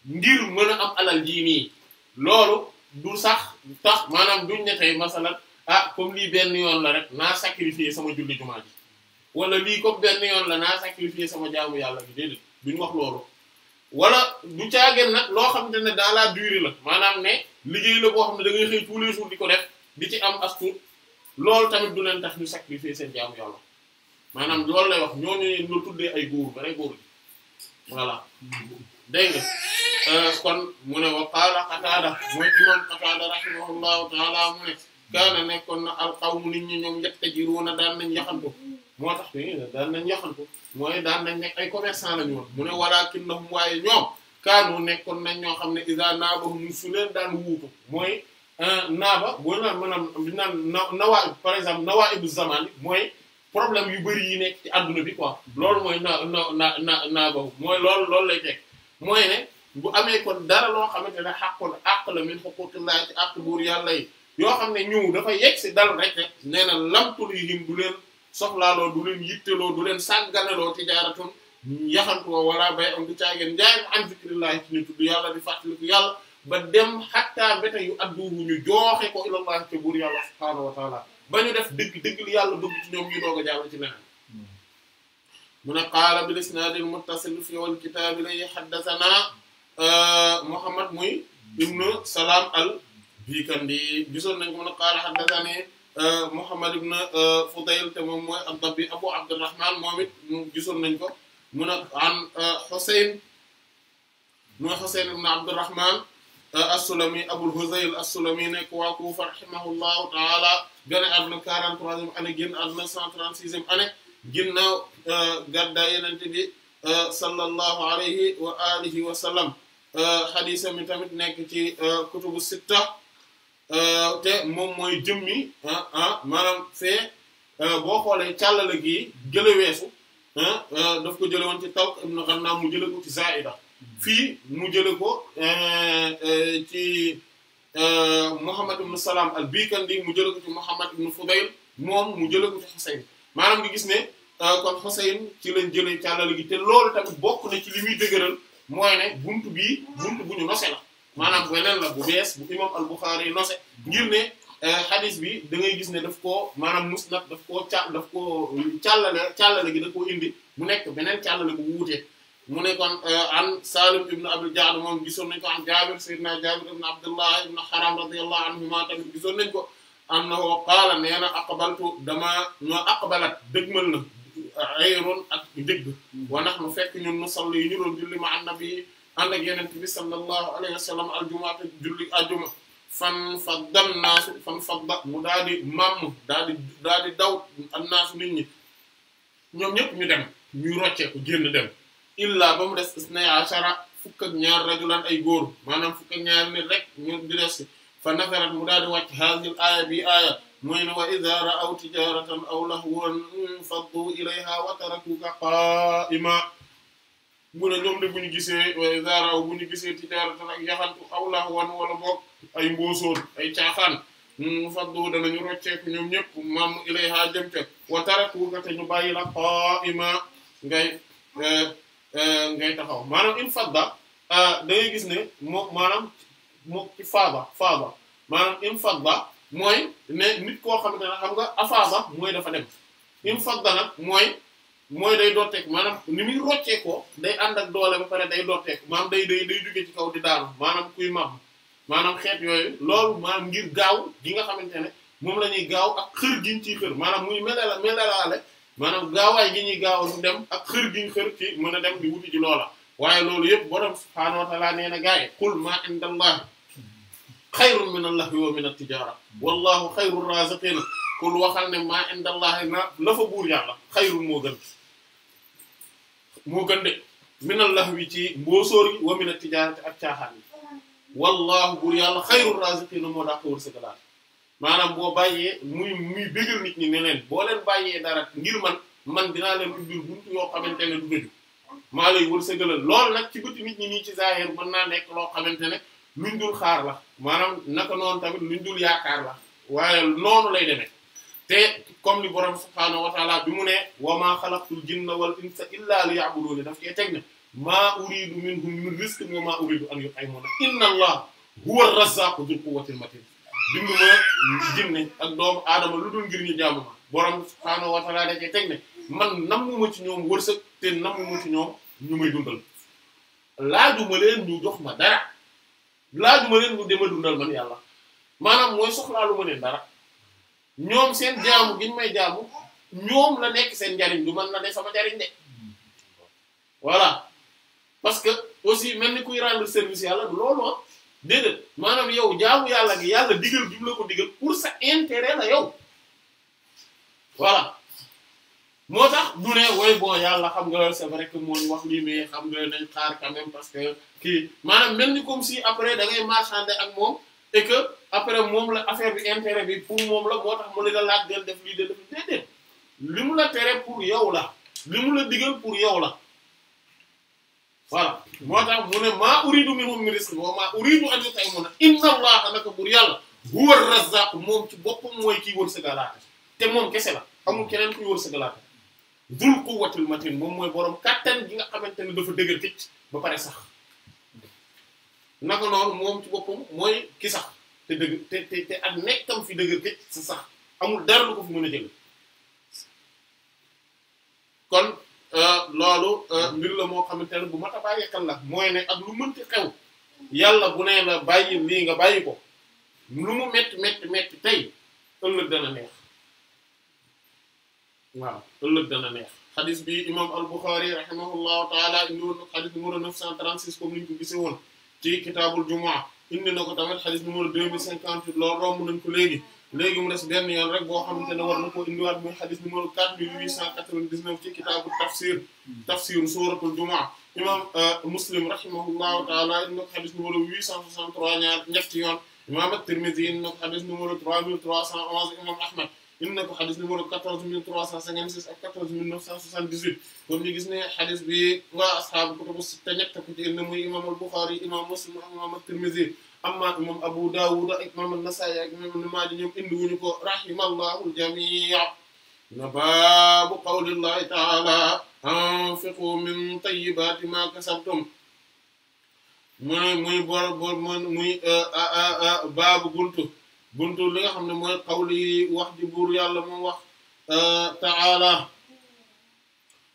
ngir mën a am alal jii nii loolu du sax tax maanaam duñ ne tey masalan ah comme lii benn yoon la rek naa sacrifier sama julli jumaa ji wala lii ko benn yoon la naa sacrifier sama jaamu yàlla bi déedéet duñ wax loolu wala du caageen nag loo xam ne dans la durée la maanaam ne liggéey la boo xam ne da ngay xëy tous les di ko def bi ci am astuur loolu tamit du leen tax ñu sacrifier seen jaamu yàlla maanaam loolu lay wax ñooñu ñu tuddee ay góor bare góor gi voilà dégg nga euh, kon mu ne wa qaala Qataada mooy imam Qataada rahimahullahu taala mu ne kaana nekkoon na al qawmu nit ñi ñoom a daan nañ yaxantu moo tax te daan nañ yaxantu mooy daan nañ nekk ay commerçant lañu woon mu ne walaakin nahum waaye ñoom kaanu nekkoon nañ ñoo xam ne iza naabahum su leen daan wuutu mooy euh, naaba boo naan maanaam bi naan na par exemple nawaa ibu zaman mooy problème yu bari yi nekk ci adduna bi quoi loolu mooy na na na naaba mooy loolu lay teg mooy ne bu amee ko dara loo xamante ne xàqul àq la min xuquqillaa ci àq buur yàlla yi yoo xam ne ñëw dafa yegg si dal rek rek nee na lamtul yi him du leen soxlaaloo du leen yitteloo du leen sàgganeloo tijaaratoon yaxantoo wala bay am du caageen njaayam an zikrillahi ci ñu tudd yàlla di fàttaliku yàlla ba dem xattaa mbéte yu adduwu ñu jooxe ko ilallah ca buur yàlla subhaanahu wa taala ba ñu def dëgg dëgg li yàlla bëgg ci ñoom ñu doog a ci neneen mu ne qaala bil isnaadil muttasil fi wal kitaabi lay haddasanaa euh, Muhammad muy ibnu Salaam al Bikandi gisoon nañ ko mu ne qaala Euh, Muhammad ibn euh, Fudayl te moom mooy Abu Abdurrahman moom it gisoon nañ ko mu ne an euh, Husayn mooy Husayn ibn Abul Huzayl as-Sulami nekk waa Kufa rahimahullahu ta'ala gane àdduna 43e année génn àdduna 136e année ginnaaw gàddaay Yonent bi sallallahu alayhi wa alihi wa sallam mi tamit nekk ci kutubu sitta Euh, te moom mooy jëmmi ah, ah, maanaam fee euh, boo xoolee càllale gi jële weesu ah, euh, daf ko jële woon ci Talq ibn Ghannaam mu jële ko ci Zaa'ida fii mu jële ko eh, eh, ci Muhammad ibn Salaam al-Bikandi mu jële ko ci Muhammad ibn Fudayl moom mu jële ko ci Husayn maanaam ngi gis ne kon Husayn ci lañ jële càllale gi te loolu tamit bokk na ci limuy muy dëgëral mooy ne buntu bii buntu bu ñu nose la maanaam weneen la bu bees bu imam al-Bukhari nose ngir ne xadis eh, bi da ngay gis ne daf koo maanaam musnad daf koo ca daf koo càllale càllale gi da koo indi mu nekk beneen càllale bu wuute mu ne kon eh, an Salim ibn Abdul Ja'd moom gisoon nañ ko an Jaabir sayyidina Jaabir ibn Abdullah ibn Haram radiyallahu anhuma tamit gisoon nañ ko annahu qaala nee na aqbaltu dama ayron ak dëgg wa nahnu fekk ñun nusalli ñu doon julli ma annabi ànd ak yeneen bi sallallahu alayhi wa sallam aljumaata julli aljuma fan fadda naasu fan fadda mu daal di màmm daal di daal di daw an naasu nit ñi ñoom ñëpp ñu dem ñuy rocceeku génn dem illaa ba mu des isnay ashara fukk ak ñaar rajulan ay góor maanaam fukk ak ñaar nit rek ñu di des fa nazarat mu daal di wàcc haazihil aaya bi aaya mooy ne wa idha ra'aw tijaratan aw lahwan faddu ilayha wa tarakuka qaa'ima mu ne ñoom de bu ñu gisee zaaraw bu ñu gisee tijaaratan ak yaxantu aw lahwan wala boog ay mboosoon ay caaxaan mm, faddu danañu rocceeku ñoom ñëpp mam ilayha jëm ca wa tarakuka te ñu bàyyi la qaa'ima ngay eh, eh, ngay taxaw maanaam in fadda ah, da ngay gis ne moom maanaam moom ci faaba faaba maanaam in fadda mooy ne nit koo xamante ne xam nga afaaba mooy dafa dem in fadda nag mooy mooy day dooteeku maanaam ni muy rocceekoo day ànd ak doole ba pare day dooteeku maam day day day jóge ci kaw di daanu maanaam kuy mam maanaam xeet yooyu loolu maanaam ngir gaaw gi nga xamante ne moom la ñuy gaaw ak xër giñ ciy xër maanaam muy maanaam gaawaay gi ñuy gaaw dem ak xër giñ xër ci mën a dem di wuti ci loola waaye loolu yëpp borom subhaanahu wa ta'aala gaay qul ma inda allahi xayrun a allahi wa min at-tijaara wallahu xayru raaziqiin qul waxal ne ma inda na la fa buur yàlla xayrun moo gën moo gën de minal wi ci mboosóor yi wa minat tijaarati ak caaxaan yi wallahu buur yàlla xayrul raziqina moo daa ko wërsëgalaat maanaam boo bàyyee muy muy bégal nit ñi ne leen boo leen bàyyee dara ngir man man dinaa leen ubbil buntu yoo xamante ne du dëju maa lay wërsëgalal loolu nag ci bëti nit ñi nii ci zahir mën naa nekk loo xamante ne luñ dul xaar la maanaam naka noonu tamit luñ dul yaakaar la waaye noonu lay demee te comme li borom subhaanahu wa bi mu ne wa maa xalaqtul jinna wal insa illa liya'budun daf koy teg ne maa uridu minhum min rizqin wa maa uridu an yut'imun inna allah huwa ar-razzaqu dhul quwwatil matin bindu jinne ak doomu aadama lu dul ngir ñu jaamu ma borom subhaanahu wa taala da man nammuma ci ñoom wërsëg te nammuma ci ñoom ñu may dundal laajuma leen ñu jox ma dara laajuma leen ñu dema dundal man yàlla maanaam mooy soxlaalu ma leen dara ñoom seen jaamu gi ñu may jaamu ñoom la nekk seen njariñ du man la ne sama jariñ de voilà parce que aussi mel ni kuy rendre service yàlla du loolu ah maanaam yow jaamu yàlla gi yàlla digal jum la ko digal pour sa intérêt la yow voilà moo tax du ne way boo yàlla xam nga loolu c'est vrai mooy wax lii mais xam nga nañ xaar quand même parce que kii maanaam mel ni comme si après da ngay ak moom et après moom la affaire bi intérêt bi pour moom la moo tax mu ne la laaj del def lii del def déedéet li mu la tere pour yow la li mu la digal pour yow la voilà moo tax mu ne maa uridu minhum min rizq wa maa uridu an yut'imuna inna allaha naka buur yàlla huwa ar-razzaq moom ci boppam mooy kiy wërsëgalaate te moom kese la amul keneen kuy wërsëgalaate dul quwwatil matin moom mooy borom kattan gi nga xamante ne dafa dëgër tëj ba pare sax naka noonu moom ci boppam mooy ki sax te dëgg te te te ak nekkam fi dëgër këcc sa sax amul dara lu ko fi mën a jël kon euh, loolu euh, mbir la moo xamante ne bu mat a bàyyi la mooy ne ak lu mënti xew yàlla bu nee la bàyyi lii nga bàyyi ko lu mu metti metti metti tey ëllëg dana neex waaw ëllëg dana neex xadis bi imam al-Bukhari rahimahullahu taala indiwoon xadis numéro 936 comme ni ñu ko gisee woon ci kitaabul jumaa indi nako ko tamit xadis numéro 2058 lo rom nañ ko léegi léegi mu dess ben yoon rek bo xamantene war nako indi wat muy hadith numéro 4899 ci kitab tafsir tafsir suratul juma imam muslim rahimahullah taala indi hadith numéro 863 ñaar ñetti yoon imam at-Tirmidhi indi hadith numéro 3311 imam Ahmad indi na ko xadis numéro 14356 ak 14978 kon ñu gis ne xadis bi waa asxaabu kutubu sitta ñett ko ci indi muy imam al-Bukhari imam Muslim imam at-Tirmidhi amma imam Abu Dawud ak imam an-Nasa'i ak imam Ibn Maaja ñoom indi wuñu ko rahimallahu al-jami' na baabu qawlillahi ta'ala anfiqu min tayyibati ma kasabtum muy muy bor bor muy euh, euh, euh, baabu buntu buntu li nga xam ne mooy xawli wax ji buur yàlla moom wax euh, ta'ala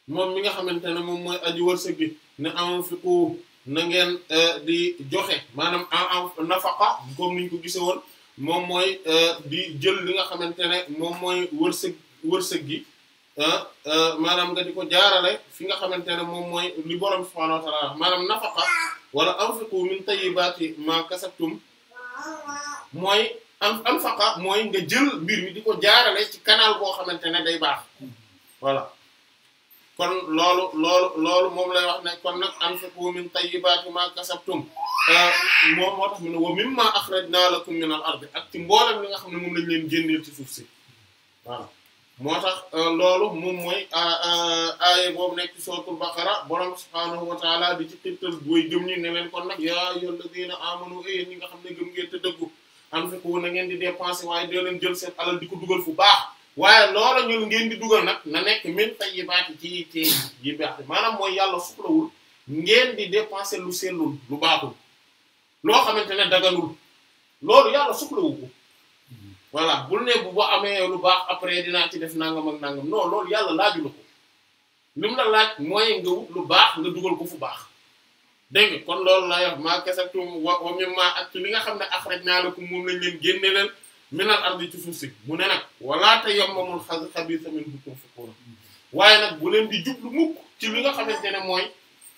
moom mi nga xamante ne moom mooy aji wërsëg gi ne anfiqu na ngeen euh, di joxe maanaam en nafaqa comme niñ ko gise woon moom mooy euh, di jël li nga xamante ne moom mooy wërsëg gi maanaam nga di ko jaarale fi nga xamante ne moom mooy li borom subhaanahu wa ta'ala nafaqa wala anfiqu min tayyibati ma kasabtum mooy am anfaqa mooy nga jël mbir mi di ko jaarale ci canal boo xamante ne day baax voilà kon loolu loolu loolu moom lay wax ne kon nag anfiqu min tayyibati ma kasabtum euh, moom moo tax mu ne wa mimma akhrajna lakum min al ardi ak nga xam ne moom lañ leen génneel ci suuf si voilà moo tax euh, loolu moom mooy euh, aaye boobu nekk ci suratul baqara borom subhaanahu wa di ci tegtal booy gëm ñi ne leen kon nag yaa ayyuhal ladina amanu yéen ñi nga xam ne gëm ngeen te dëggu am anfiqu na ngeen di dépenser waaye doo leen jël seen alal di ko dugal fu baax waaye loola ñun ngeen di dugal nag na nekk min tayyibaati ci ci yi baax maanaam mooy yàlla soxlawul ngeen di dépenser lu sellul lu baaxul loo xamante ne daganul loolu yàlla soxlawu ko voilà bul ne bu ba amee lu baax après dinaa ci def nangam ak nangam non loolu yàlla laaju la ko li mu la laaj mooy nga wut lu baax nga dugal ko fu baax dégg nga kon loolu la yox maa kasabtum wa mimma ak ci li nga xam ne akhrajna lakum moom lañ leen génne leen minal ardi ci suuf si bu ne nag wala tayammamul xabiisa minhu tunfiquun waaye nag bu leen di jublu mukk ci li nga xamante ne mooy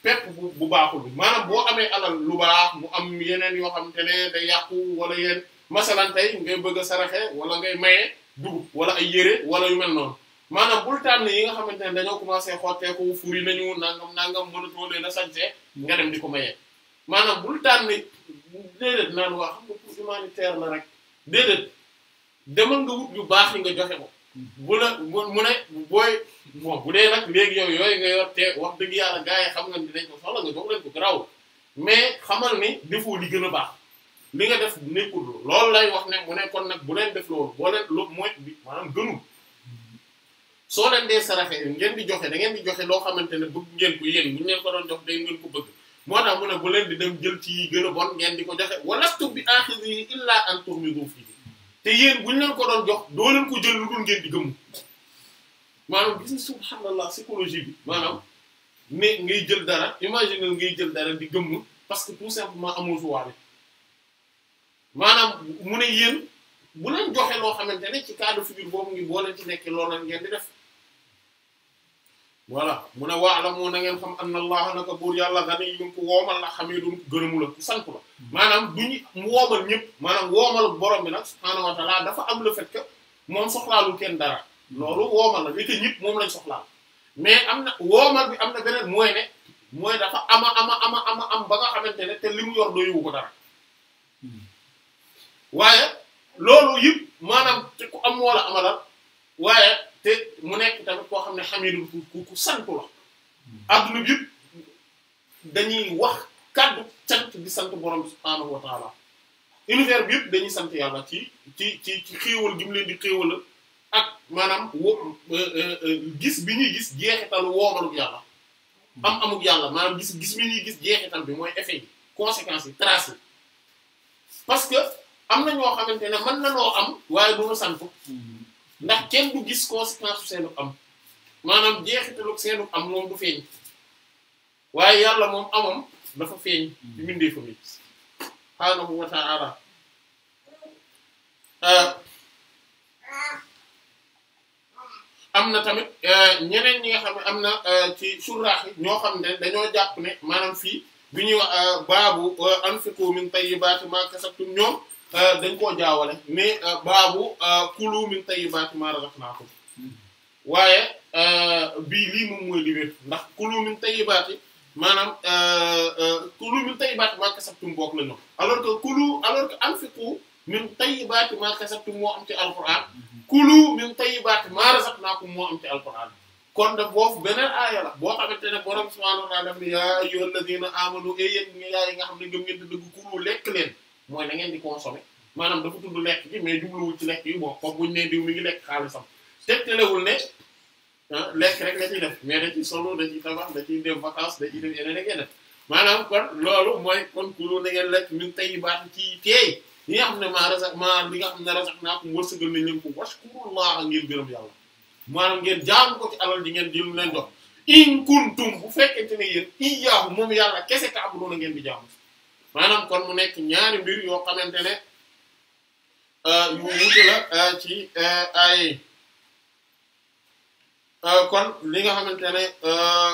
pepp bu bu baaxul maanaam boo amee alal lu baax mu am yeneen yoo xam xamante ne day yàqu wala yéen masalan tey ngay bëgg a saraxe wala ngay maye dugub wala ay yére wala yu mel noonu maanaam bul tànn yi nga xamante ne dañoo commencé xotteeku fur yi nañu nangam nangam mënatoo leen a sañse nga dem di ko mayee maanaam bul tànn déedéet naan waa xam nga pour humanitaire la rek déedéet demal nga wut yu baax yi nga joxe ko bu la mu ne booy bon bu dee nag léegi yow yooyu nga yor te wax dëgg yàlla gars yi xam nga ni dañ ko soxla nga jox leen ko garaawul mais xamal ni defoo gën a baax li nga def nekkul loolu lay wax ne mu ne kon nag bu leen def loolu boo leen mooy maanaam gënul soo leen dee saraxee ngeen di joxe da ngeen di joxe loo xamante ne bëgg ngeen ko yéen bu ñu leen ko doon jox day ngeen ko bëgg moo tax mu ne bu leen di jël ci yi ngeen di ko joxe walastu bi akhidhi illa an turmidu fihi te yéen bu ñu leen ko doon jox doo leen ko jël lu dul ngeen di gëmm maanaam gis nga subhanallah psychologie bi maanaam ne ngay jël dara imagine ngay jël dara di gëmm parce que tout simplement amul suwaale maanaam mu ne yéen bu leen joxe loo xamante ne ci cas de figure boobu ngi boo ci nekkee loo ngeen di def voilà mu ne waalamu na ngeen xam anna allaha naka buur yàlla ganiyun ku woomal la hamidun ku gërëmu la ku sanku la maanaam du ñu mu woomal ñëpp maanaam woomal borom bi nag subhaanahu wa dafa am le fait que moom soxlaalul dara loolu woomal moom lañ soxlaal mais am na woomal am na beneen mooy ne mooy dafa ama ama ama am ba nga xamante ne te li mu yor doyuwu ko dara waaye loolu yëpp maanaam ku am moo la waaye te mu nekk tamit koo xam ne xamidu ku ku sant la adduna bi yëpp dañuy wax kàddu cant di sant borom subhaanahu wa taala univers bi yëpp dañuy sant yàlla ci ci ci ci xéewal gi mu di xéewal ak maanaam euh, euh, euh, gis bi ñuy gis jeexitalu woomaluk yàlla am amuk yàlla maanaam gis gis bi ñuy gis jeexital bi mooy effet yi conséquences yi traces yi parce que am na ñoo xamante ne mën na noo am waaye du ma sant ndax kenn du gis conséquence su seenu am maanaam jeexitalu seenu am moom du feeñ waaye yàlla moom amam dafa feeñ ci mbindeefu mi subhaanahu ah. am na tamit eh, ñeneen ñi nga xam ne am na eh, ci surraax yi ñoo xam ne dañoo jàpp ne maanaam fii bi ñuy wax eh, baabu anfiqu min tayyibati ma kasabtum ñoom Euh, dañ koo jaawale mais euh, baabu euh, kulu min tayyibati ma razaqnakum waaye bii lii moom mooy li wér ndax kulu min tayyibati maanaam kulu min tayyibati ma kasabtum bokk lañu alors que kulu alors que anfiqu min tayyibati ma kasabtum moo am ci alquran kulu min tayyibati ma razaqnakum moo am ci alquran kon de boofu beneen aaya la boo xamante ne borom subhanahu wa ta'ala daf ne yaa ayyuhal ladina amanu yéen ñi yaa yi nga xam ne gëm ngeen dëgg kulu lekk leen moy na ngeen di consommer manam dafa tuddu lek gi mais wu ci lek yi bo ko buñ ne diw mi ngi lekk xaalisam wul ne ah lekk rek la ci def mais da ci solo da ci tabax da ci dem vacances da ci dem yeneen ak yeneen manam kon lolu moy kon kulu na ngeen ñu tay tayyibaat ci tey ñi nga xamne ne razak rasak maa li nga xam ne rasak naa ko wërsëgal nañ leen ko washkurullaha ngeen gërëm yalla manam ngeen jaam ko ci alal di ngeen lu leen dox in kuntum bu fekkente ne mom yalla kesse ta kese taabudoona ngeen di jaamu manam kon mu nek ñaari mbir yo xamantene euh yu wuute la ci euh ay euh kon li nga xamante euh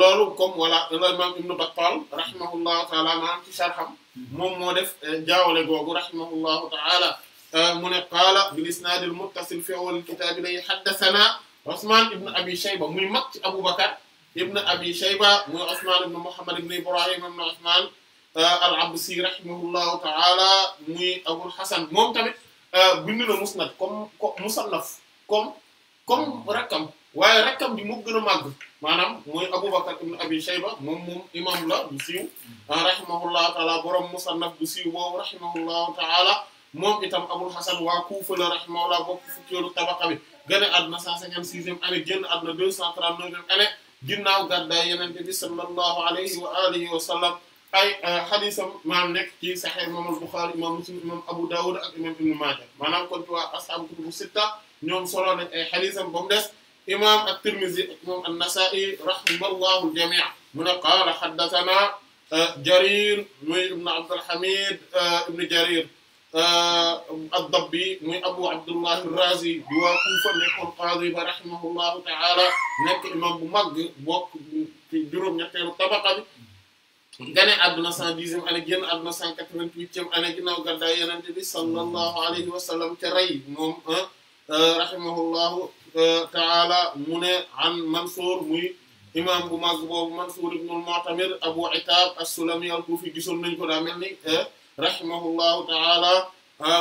lolu comme wala imam Ibn Battal rahimahullahu taala maanaam ci sarxam moom moo def jaawale googu rahimahullahu taala mu ne qaala bil isnaad al muttasil fi awwal al kitaab lay Usman ibn Abi Shayba muy mag ci Abu ibn Abi Shayba muy Usman ibn Muhammad ibn Ibrahim ibn Usman al-Absi rahimahullahu ta'ala muy Abul Hasan moom tamit bind na musnad comme musannaf comme comme rakkam waaye rakkam bi moo gën a màgg maanaam mooy Abubakar ibn Abi Shayba moom moom imam la bu siiw rahimahullahu ta'ala borom musannaf bu siiw boobu rahimahullahu ta'ala moom itam Abul Hasan waa Kufa la rahimahullah bokk fukkeelu tabaqa bi gane àdduna 156e année génn àdduna 239e année ginnaaw gàddaay Yonent bi sallallahu alayhi wa alihi wa sallam ay haditham manam nek ci Sahih imam bukhari imam Muslim imam Abu daud ak imam Ibn majah manam kon ci waa ashaabu kutubu sitta ñoom solo nek ay haditham bam dess imam at-Tirmidhi ak imam an-Nasa'i rahimahullahu jami mun qala hadathana Jarir muy ibn al Hamid ibn Jarir ad-Dabbi muy Abu Abdullah ar-Razi di waa Kufa nekkoon qaadi ba rahimahullahu ta'ala nek imam bu mag bok ci juroom ñettelu tabaqa gane aduna 110e ane génn aduna 188e ane huitieme gadda ginnaaw gàddaay bi sallallahu alayhi wa sallam ca ray mom rahimahullah ta'ala mune an mansur muy imam bu mag boobu mansur ibn al-Mu'tamir Abu Itab as-Sulami al-Kufi gisul nagn ko da melni rahimahullah ta'ala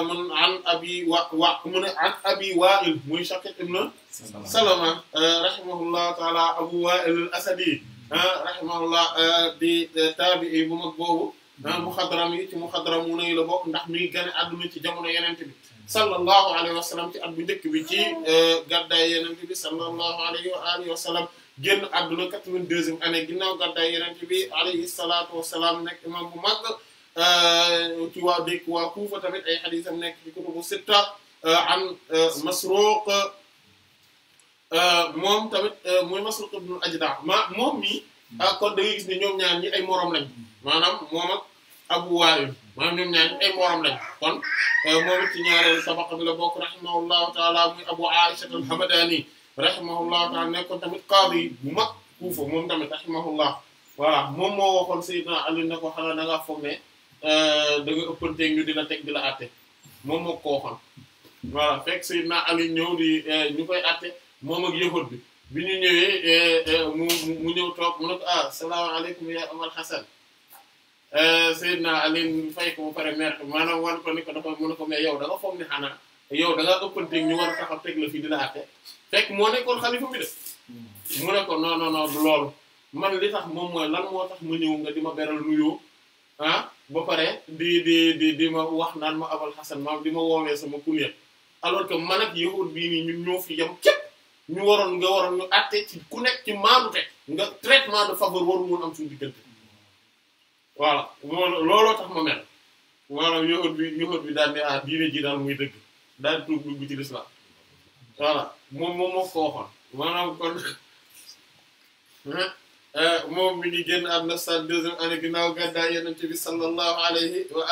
mun an abi wa wa mu an abi Wa'il muy Shaqiq ibn Salama rahimahullah ta'ala Abu Wa'il al-Asadi Ah, rahimahullah ah, di taabi'i bu mag boobu hmm. ah, mu xadram yi ci mu xadram wu nay la bokk ndax muy gane àdduna ci jamono yenente bi sallallahu alayhi wa ci at bu njëkk bi ci gàddaay yenente bi sallallahu alayhi wa alihi wa sallam génn àdduna quatre-vingt-deuxième année ginnaaw gàddaay yenente bi alayhi salaatu wassalaam nekk imam bu mag ci waa dëkk waa Kuufa tamit ay xadiisam nekk ci kutubu sitta an Masruuq Euh, moom tamit euh, muy Masruq ibn Ajda ma moom mii hmm. ah, kon da ngay gis ñoom ñaar ñi ay morom lañ maanaam moom ak Abu Wa'il maanaam ñoom ñaar ay morom lañ kon euh, moom it ci ñaareelu bi la bokk rahimahullahu ta'ala muy Abu Aisha al-Hamadani rahimahullahu ta'ala nekkoon tamit qaadi bu mag Kufa moom tamit rahimahullah voilà moom moo waxoon Seydina Ali ne ko xanaa da ngaa foog ne da nga ëppanteeg ñu di la teg di la àtte moom moo ko waxoon fekk Seydina Ali ñëw mama ak yahud bi bi ñu ñëwee eh, eh, mu a ñëw toog mu ah, ya Amal Hasan eh, Seydina Ali fay ko ba pare mer maanaam wan ko ni ko dafa mu ne ko yow da nga foog ne xanaa yow da ngaa ëppanteeg ñu war a taxaw teg la fii dina àtte fekk moo nekkoon xalifa bi de mu ne ko non non non du loolu man li tax moom mooy lan tax ma ñëw nga di ma beral nuyoo ah ba di di di di ma wax naan ma Amal Hasan maam di ma woowee sama kunya alors que man ak yahud bii nii ñun ñoo fi yem ñu waroon nga waroon ñu àtte ci ku nekk ci nga traitement de faveur waru mun am suñu diggante voilà looloo tax ma mel maanaam yahud bi yahud bi daal ne ah diine ji daal muy dëgg daal tuub dugg ci lislaam voilà moom moom moo ko waxoon maanaam kon euh, moom mi ngi génn am na sa deuxième année ginnaaw gàddaay yonent bi sallallahu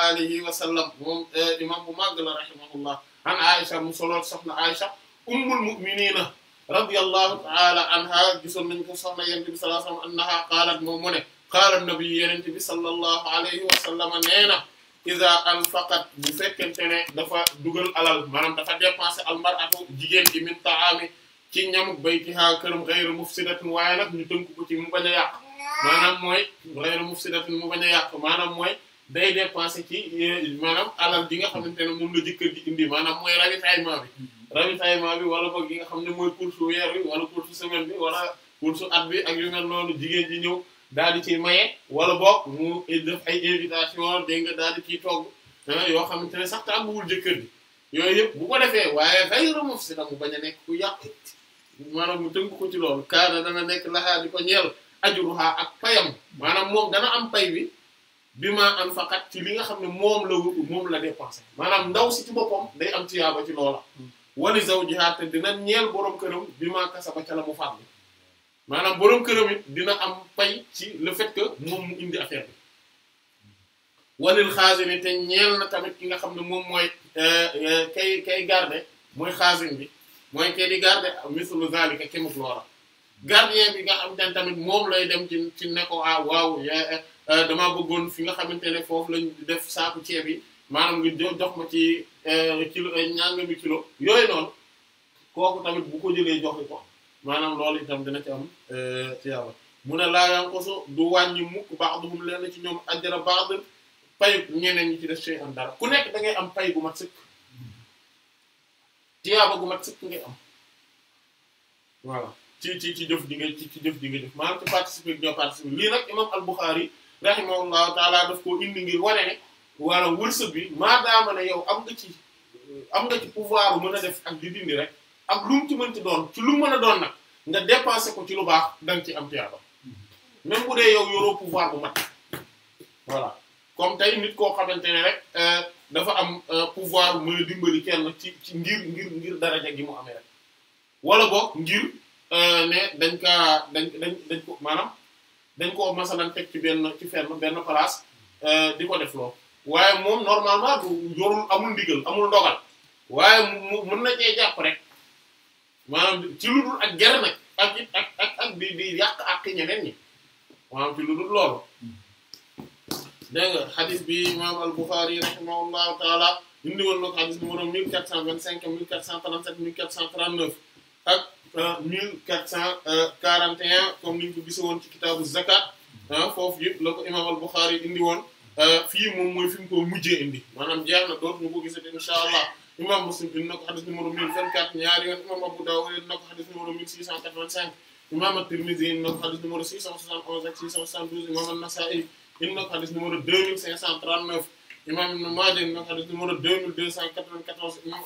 alayhi wa sallam moom euh, imam bu màgg la rahimahullah an Aisha mu soloot soxna Aisha ummul mu'minina radiyallahu ta'ala anha gisoon nañ ko soxna yonent bi sallallahu alayhi wa sallam annaha qaalat moom mu ne qaala nabi yonent bi sallallahu alayhi wa sallam nee na iza anfaqat bu fekkente ne dafa dugal alal maanaam dafa dépensé almar'atu jigéen ji min ta'ami ci ñamuk baytiha këram ghayru mufsidatin waaye nag ñu tënk ko ci mu bañ a yàq maanaam mooy ghayru mufsidatin mu bañ a yàq maanaam mooy day dépensé ci maanaam alal ji nga xamante ne moom la jëkkër ji indi maanaam mooy ravitaillement bi ravitaillement bi wala boog yi nga xam ne mooy course weer bi wala course semaine bi wala course at bi ak yu noonu jigéen ji ñëw daal di ciy maye wala boog mu def ay invitation dégg nga daal di ciy togg ah, yoo xamante ne sax tàgguwul jëkkër ji yëpp bu ko defee waaye fay remof si mu bañ a nekk ku yàq maanaam mu tënk ko ci loolu kaana dana nekk laxaa di ko ñeel ajruha ak payam maanaam moom dana am pay bi bi ma am faqat ci li nga xam ne moom la moom la dépensé maanaam ndaw si ci boppam day am tiyaaba ci loola hmm. wali zawjiha te dina ñeel borom këram bi maa kasaba ca la mu faam maanaam borom këram it dina am pay ci le fait que moom mu indi affaire bi walil xaasin te ñeel na tamit ki nga xam ne moom mooy euh, euh, kay kay garde mooy xaasin bi mooy kay di garde mislu zalika kemuk loora gardien bi nga xam ne tamit moom lay dem ci ci ne ko ah waaw euh, dama bëggoon fi nga xamante ne foofu lañu def saaku ceeb yi maanaam ngi jox jox ma ci euh, kilo euh, ñaangami kilo yooyu noonu kooku tamit bu ko jëlee jox maanaam loolu itam dina ci am euh, ci yàlla mu ne laa yanqusu du wàññi mukk ba'duhum leen ci ñoom baax ba'd pay ñeneen ñi ci def see am dara ku nekk dangay am pay gu mat sëkk tiyaaba gu mat sëkk ngay am voilà ci ci ci jëf di nga ci jëf jëf maanaam ci participer ñoo participer lii nag imam al-Bukhari rahimahullahu taala daf koo indi ngir wane ne wala wërsëg bi maadaama ne yow am nga ci am nga ci pouvoir mën a def ak di dindi rek ak lu mu ci mënti doon ci lu mën a doon nag nga dépensé ko ci lu baax danga ci am tiyaaba même bu dee yow yoroo pouvoir bu mat voilà comme nit koo xamante ne rek euh, dafa am euh, pouvoir mën a dimbali kenn ci ci ngir ngir ngir daraja gi mu amee rek wala boog ngir euh, ne dañ kaa dañ dañ dañ ko maanaam dañ koo masalan teg ci benn ci fenn benn place di ko def loo waye mom normalement du yorul amul ndigal amul ndogal waye mën na ci japp rek manam ci luddul ak ger nak ak ak ak ak di di yàq ak ñeneen ñi manam ci luddul lool loolu hadith bi imam al-Bukhari rahimahullahu taala indi won lo hadith xadis numéro 1425 1437 1439 ak 1441 euh, comme ni ko gis woon ci kitaabu zakat ah, fofu yëpp lako imam al-Bukhari indi won Euh, fii moom mooy fi mu ko mujjee indi maanaam jeex na doot ñu ko gisati incha allah imam muslim indi na ko xadis numéro 1024 ñaari yoon imam abu dawud indi ko xadis numéro 1685 imam at-tirmidhi indi ko xadis numéro 671 ak 672 imam an-nasa'i indi na ko xadis numéro 2539 imam ibn majah indi na ko imam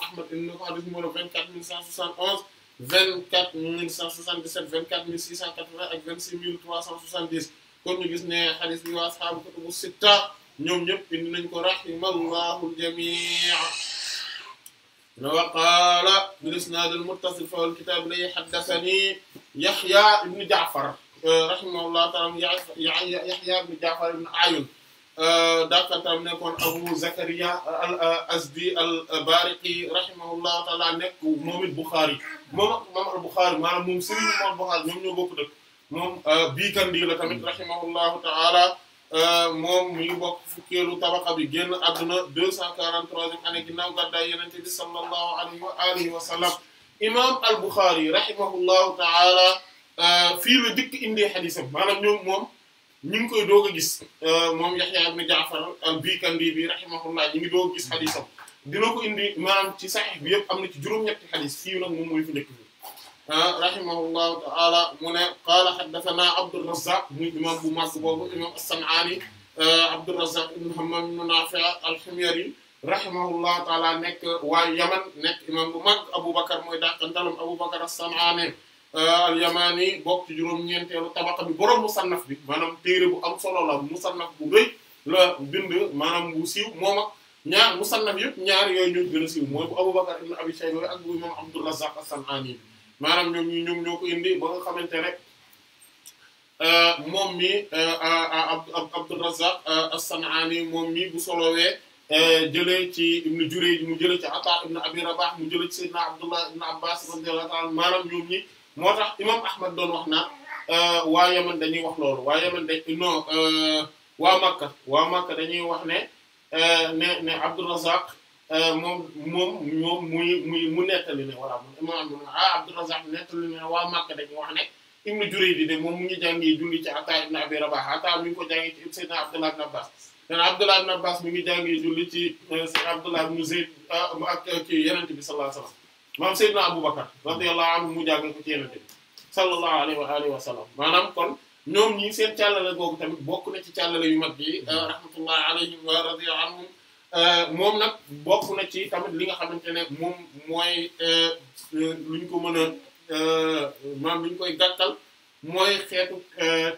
ahmad indi ko xadis numéro 24171 24177 24680 ak 26370 kon ñu gis ne xadis bi waa ñoom ñëpp indi nañ ko rahimallahu al-jamii' wa qaala bil-isnaad al-muttasil fi al-kitaab li haddathanii Yahya ibn Ja'far rahimahullahu ta'ala Yahya ibn Ja'far ibn Ayyun daakantaam nekkoon Abu Zakariya al Azdi al Bariqi rahimahullahu taala nekk moom it Bukhari moom ak moom al Bukhari maanaam moom sëriñ moom Bukhari ñoom ñoo bokk dëkk moom bii kandi la tamit rahimahullahu taala Euh, moom mi ngi bokk fukkeelu tabaqa bi génn àdduna 243e année ginnaaw gàddaay Yonent bi sallallahu alayhi wa alihi wa sallam imaam al-Bukhari rahimahullahu ta'ala euh, fii la dikk indi hadiisam maanaam ñoom moom ñu ngi koy doog a gis euh, moom Yahya ibn Ja'far al-Bikandi bi rahimahullah ñu ngi doog a gis hadiisam dina ko indi maanaam ci Sahih bi yëpp am na ci juróom-ñetti hadiis fii nag moom mooy fi njëkk rahimahullahu ta'ala muné qala hadathana abdur razzaq muy imam bu mas bobu imam as-San'ani razzaq ibn Hammam ibn Nafi' al-Himyari rahimahullahu ta'ala Nek. wa Yaman Nek. imam bu mag Aboubacar mooy dàqantalam Aboubacar as-San'ani al-Yamani Bok. ci juróom ñentelu tabaqa bi borom musannaf bi Manam. téré bu am solo la musannaf bu reuy la bind manam bu siw moma ñaar musannaf yëpp ñaar yoy ñu gëna siw moy mooy bu ibn Abi shaybah ak bu imam razzaq as-San'ani maanaam ñoom ñu ñoom ñoo ko indi ba nga xamante ne euh, moom mi euh, Abdur Razzaq euh, as-San'ani moom mi bu solowee jëlee ci ibnu mu jële ci Ata ibnu Abi Rabah mu jëlee ci Seydina Abdullah ibnu Abbas radiyallahu ta'ala maanaam ñoom ñi moo tax imam Ahmad doon wax naa waa Yaman dañuy wax lool waa Yaman dañ non waa Makka waa Makka dañuy wax ne ne ne Abdur Euh, moom moom moom muy muy mu nettali ne voilà moom ah Abdurrazzaq nettali ne waa Makka dañu wax ne Ibn Jurayj de moom mu ngi jàngee julli ci Ataa ibn Abi Rabah Ataa mi ngi ko jàngee ci Seydina Abdullah ibn Abbas dana Abdullah ibn Abbas mi ngi jàngee julli ci euh, Abdullah ibn Zayd euh, ak ci Yonent bi sallallahu alayhi wa sallam maanaam Seydina Abu Bakar radiyallahu anhu mu jàng ko ci Yonent bi sallallahu alayhi wa alihi wa sallam maanaam kon ñoom ñii seen càllale googu tamit bokk na ci càllale yu mag yi rahmatullahi alayhim wa radiyallahu anhum moom nag bokk na ci tamit li nga xamante ne moom mooy lu ñu ko mën a maanaam lu ñu koy gàttal mooy xeetu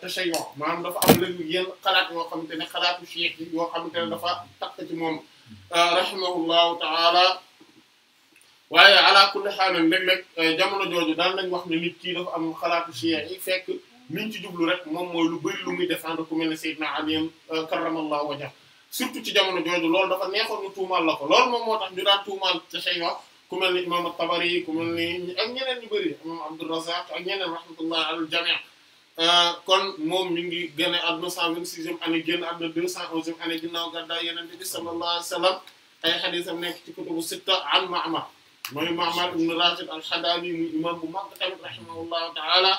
tashayyu maanaam dafa am lañu yenn xalaat yoo xamante ne xalaatu cheikh yi yoo xamante ne dafa takk ci moom rahimahullahu ta'ala waaye ala kulli xaalan léeg-léeg jamono jooju daan lañ wax ne nit kii dafa am xalaatu cheikh yi fekk liñ ci jublu rek moom mooy lu bari lu muy défendre ku mel ne Seydina Ali karamallahu wajhahu surtout ci jamono jooju loolu dafa neexoon ñu tuumaal la ko loolu moom moo tax ñu daan tuumaal ci Shayba ku mel ni imam Tabari ku mel ni ak ñeneen ñu bëri imam Abdur Razzaq ak ñeneen rahmatullahi al jami' euh, kon moom mi ngi génne àdduna 126e année génn àdduna 211e année ginnaaw gàddaay Yonent bi sallallahu alayhi wa sallam ay xadiisam nekk ci kutubu sitta an Ma'mar mooy Ma'mar ibn Rashid al-Hadawi muy imam bu mag tamit rahimahullahu ta'ala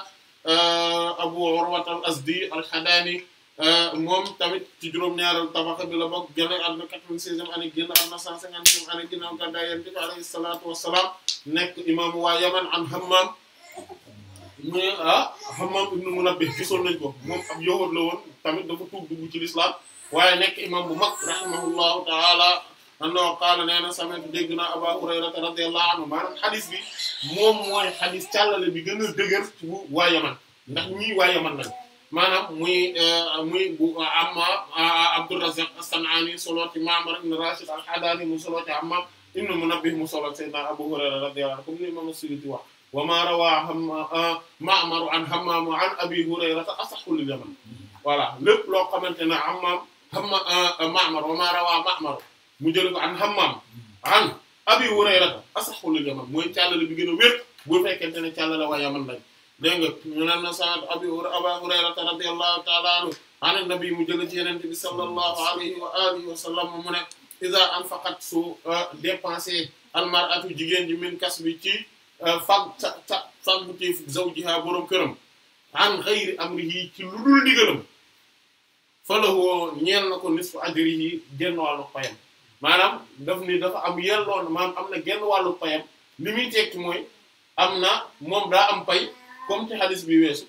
euh, Abu Urwa al-Azdi al-Hadani Euh, moom tamit ci juróom-ñaareelu tabaxa bi la bokk génne àdduna 96e année génn àdduna 150e année ginnaaw gàddaay Yonent bi alayhi salaatu wa salaam nekk imaamu waa Yaman an Hammaam mu ah Hammaam ibnu Munabbih gisoon nañ ko moom ab la woon tamit dafa tuub dugg ci lislaam waaye nekk imaam bu mag rahimahullahu ta'ala annahu qaala nee na sami'tu dégg naa Abaa Hurayrata radiyallahu anhu maanaam xadis bi moom mooy xadis càllale bi gën a dëgër waa Yaman ndax ñii waa Yaman lañ. maanaam muy euh, muy bu euh, amma euh, Abdurrazzaq as-San'ani solo ci Ma'mar ibn Rashid al-Hadani mu solo ci amma ibn Munabbih mu solo sayyidina Abu Hurayra radiyallahu anhu comme ni imam as-Suyuti wax wa ma rawa Ma'mar an Hammam an Abi Hurayra asahhu lil yaman voilà lépp loo xamante ne Hammam Hammam Ma'mar wa ma rawa Ma'mar mu jël ko an Hammam an Abi Hurayra asahhu lil yaman mooy càllale bi gën a wér bu fekkente ne càllale waa Yaman lañ dégg nga mu naan na saad abi aba hurayrata radiyallahu ta'ala anhu nabi mu jël ci yenente bi sallallahu alayhi wa alihi wa sallam mu ne iza anfaqat su euh, dépensé almar'atu jigéen ji min kasbi ci euh, fag sa sa fagbutéef zawjiha boroom këram an ghayri amrihi ci lu dul ndigalam fa lahu ñeel na ko nisfu ajrihi genn wàllu payam maanaam daf ni dafa am yelloon maanaam am na genn wàllu payam li mooy am na moom daa am pay comme ci hadith bi wessu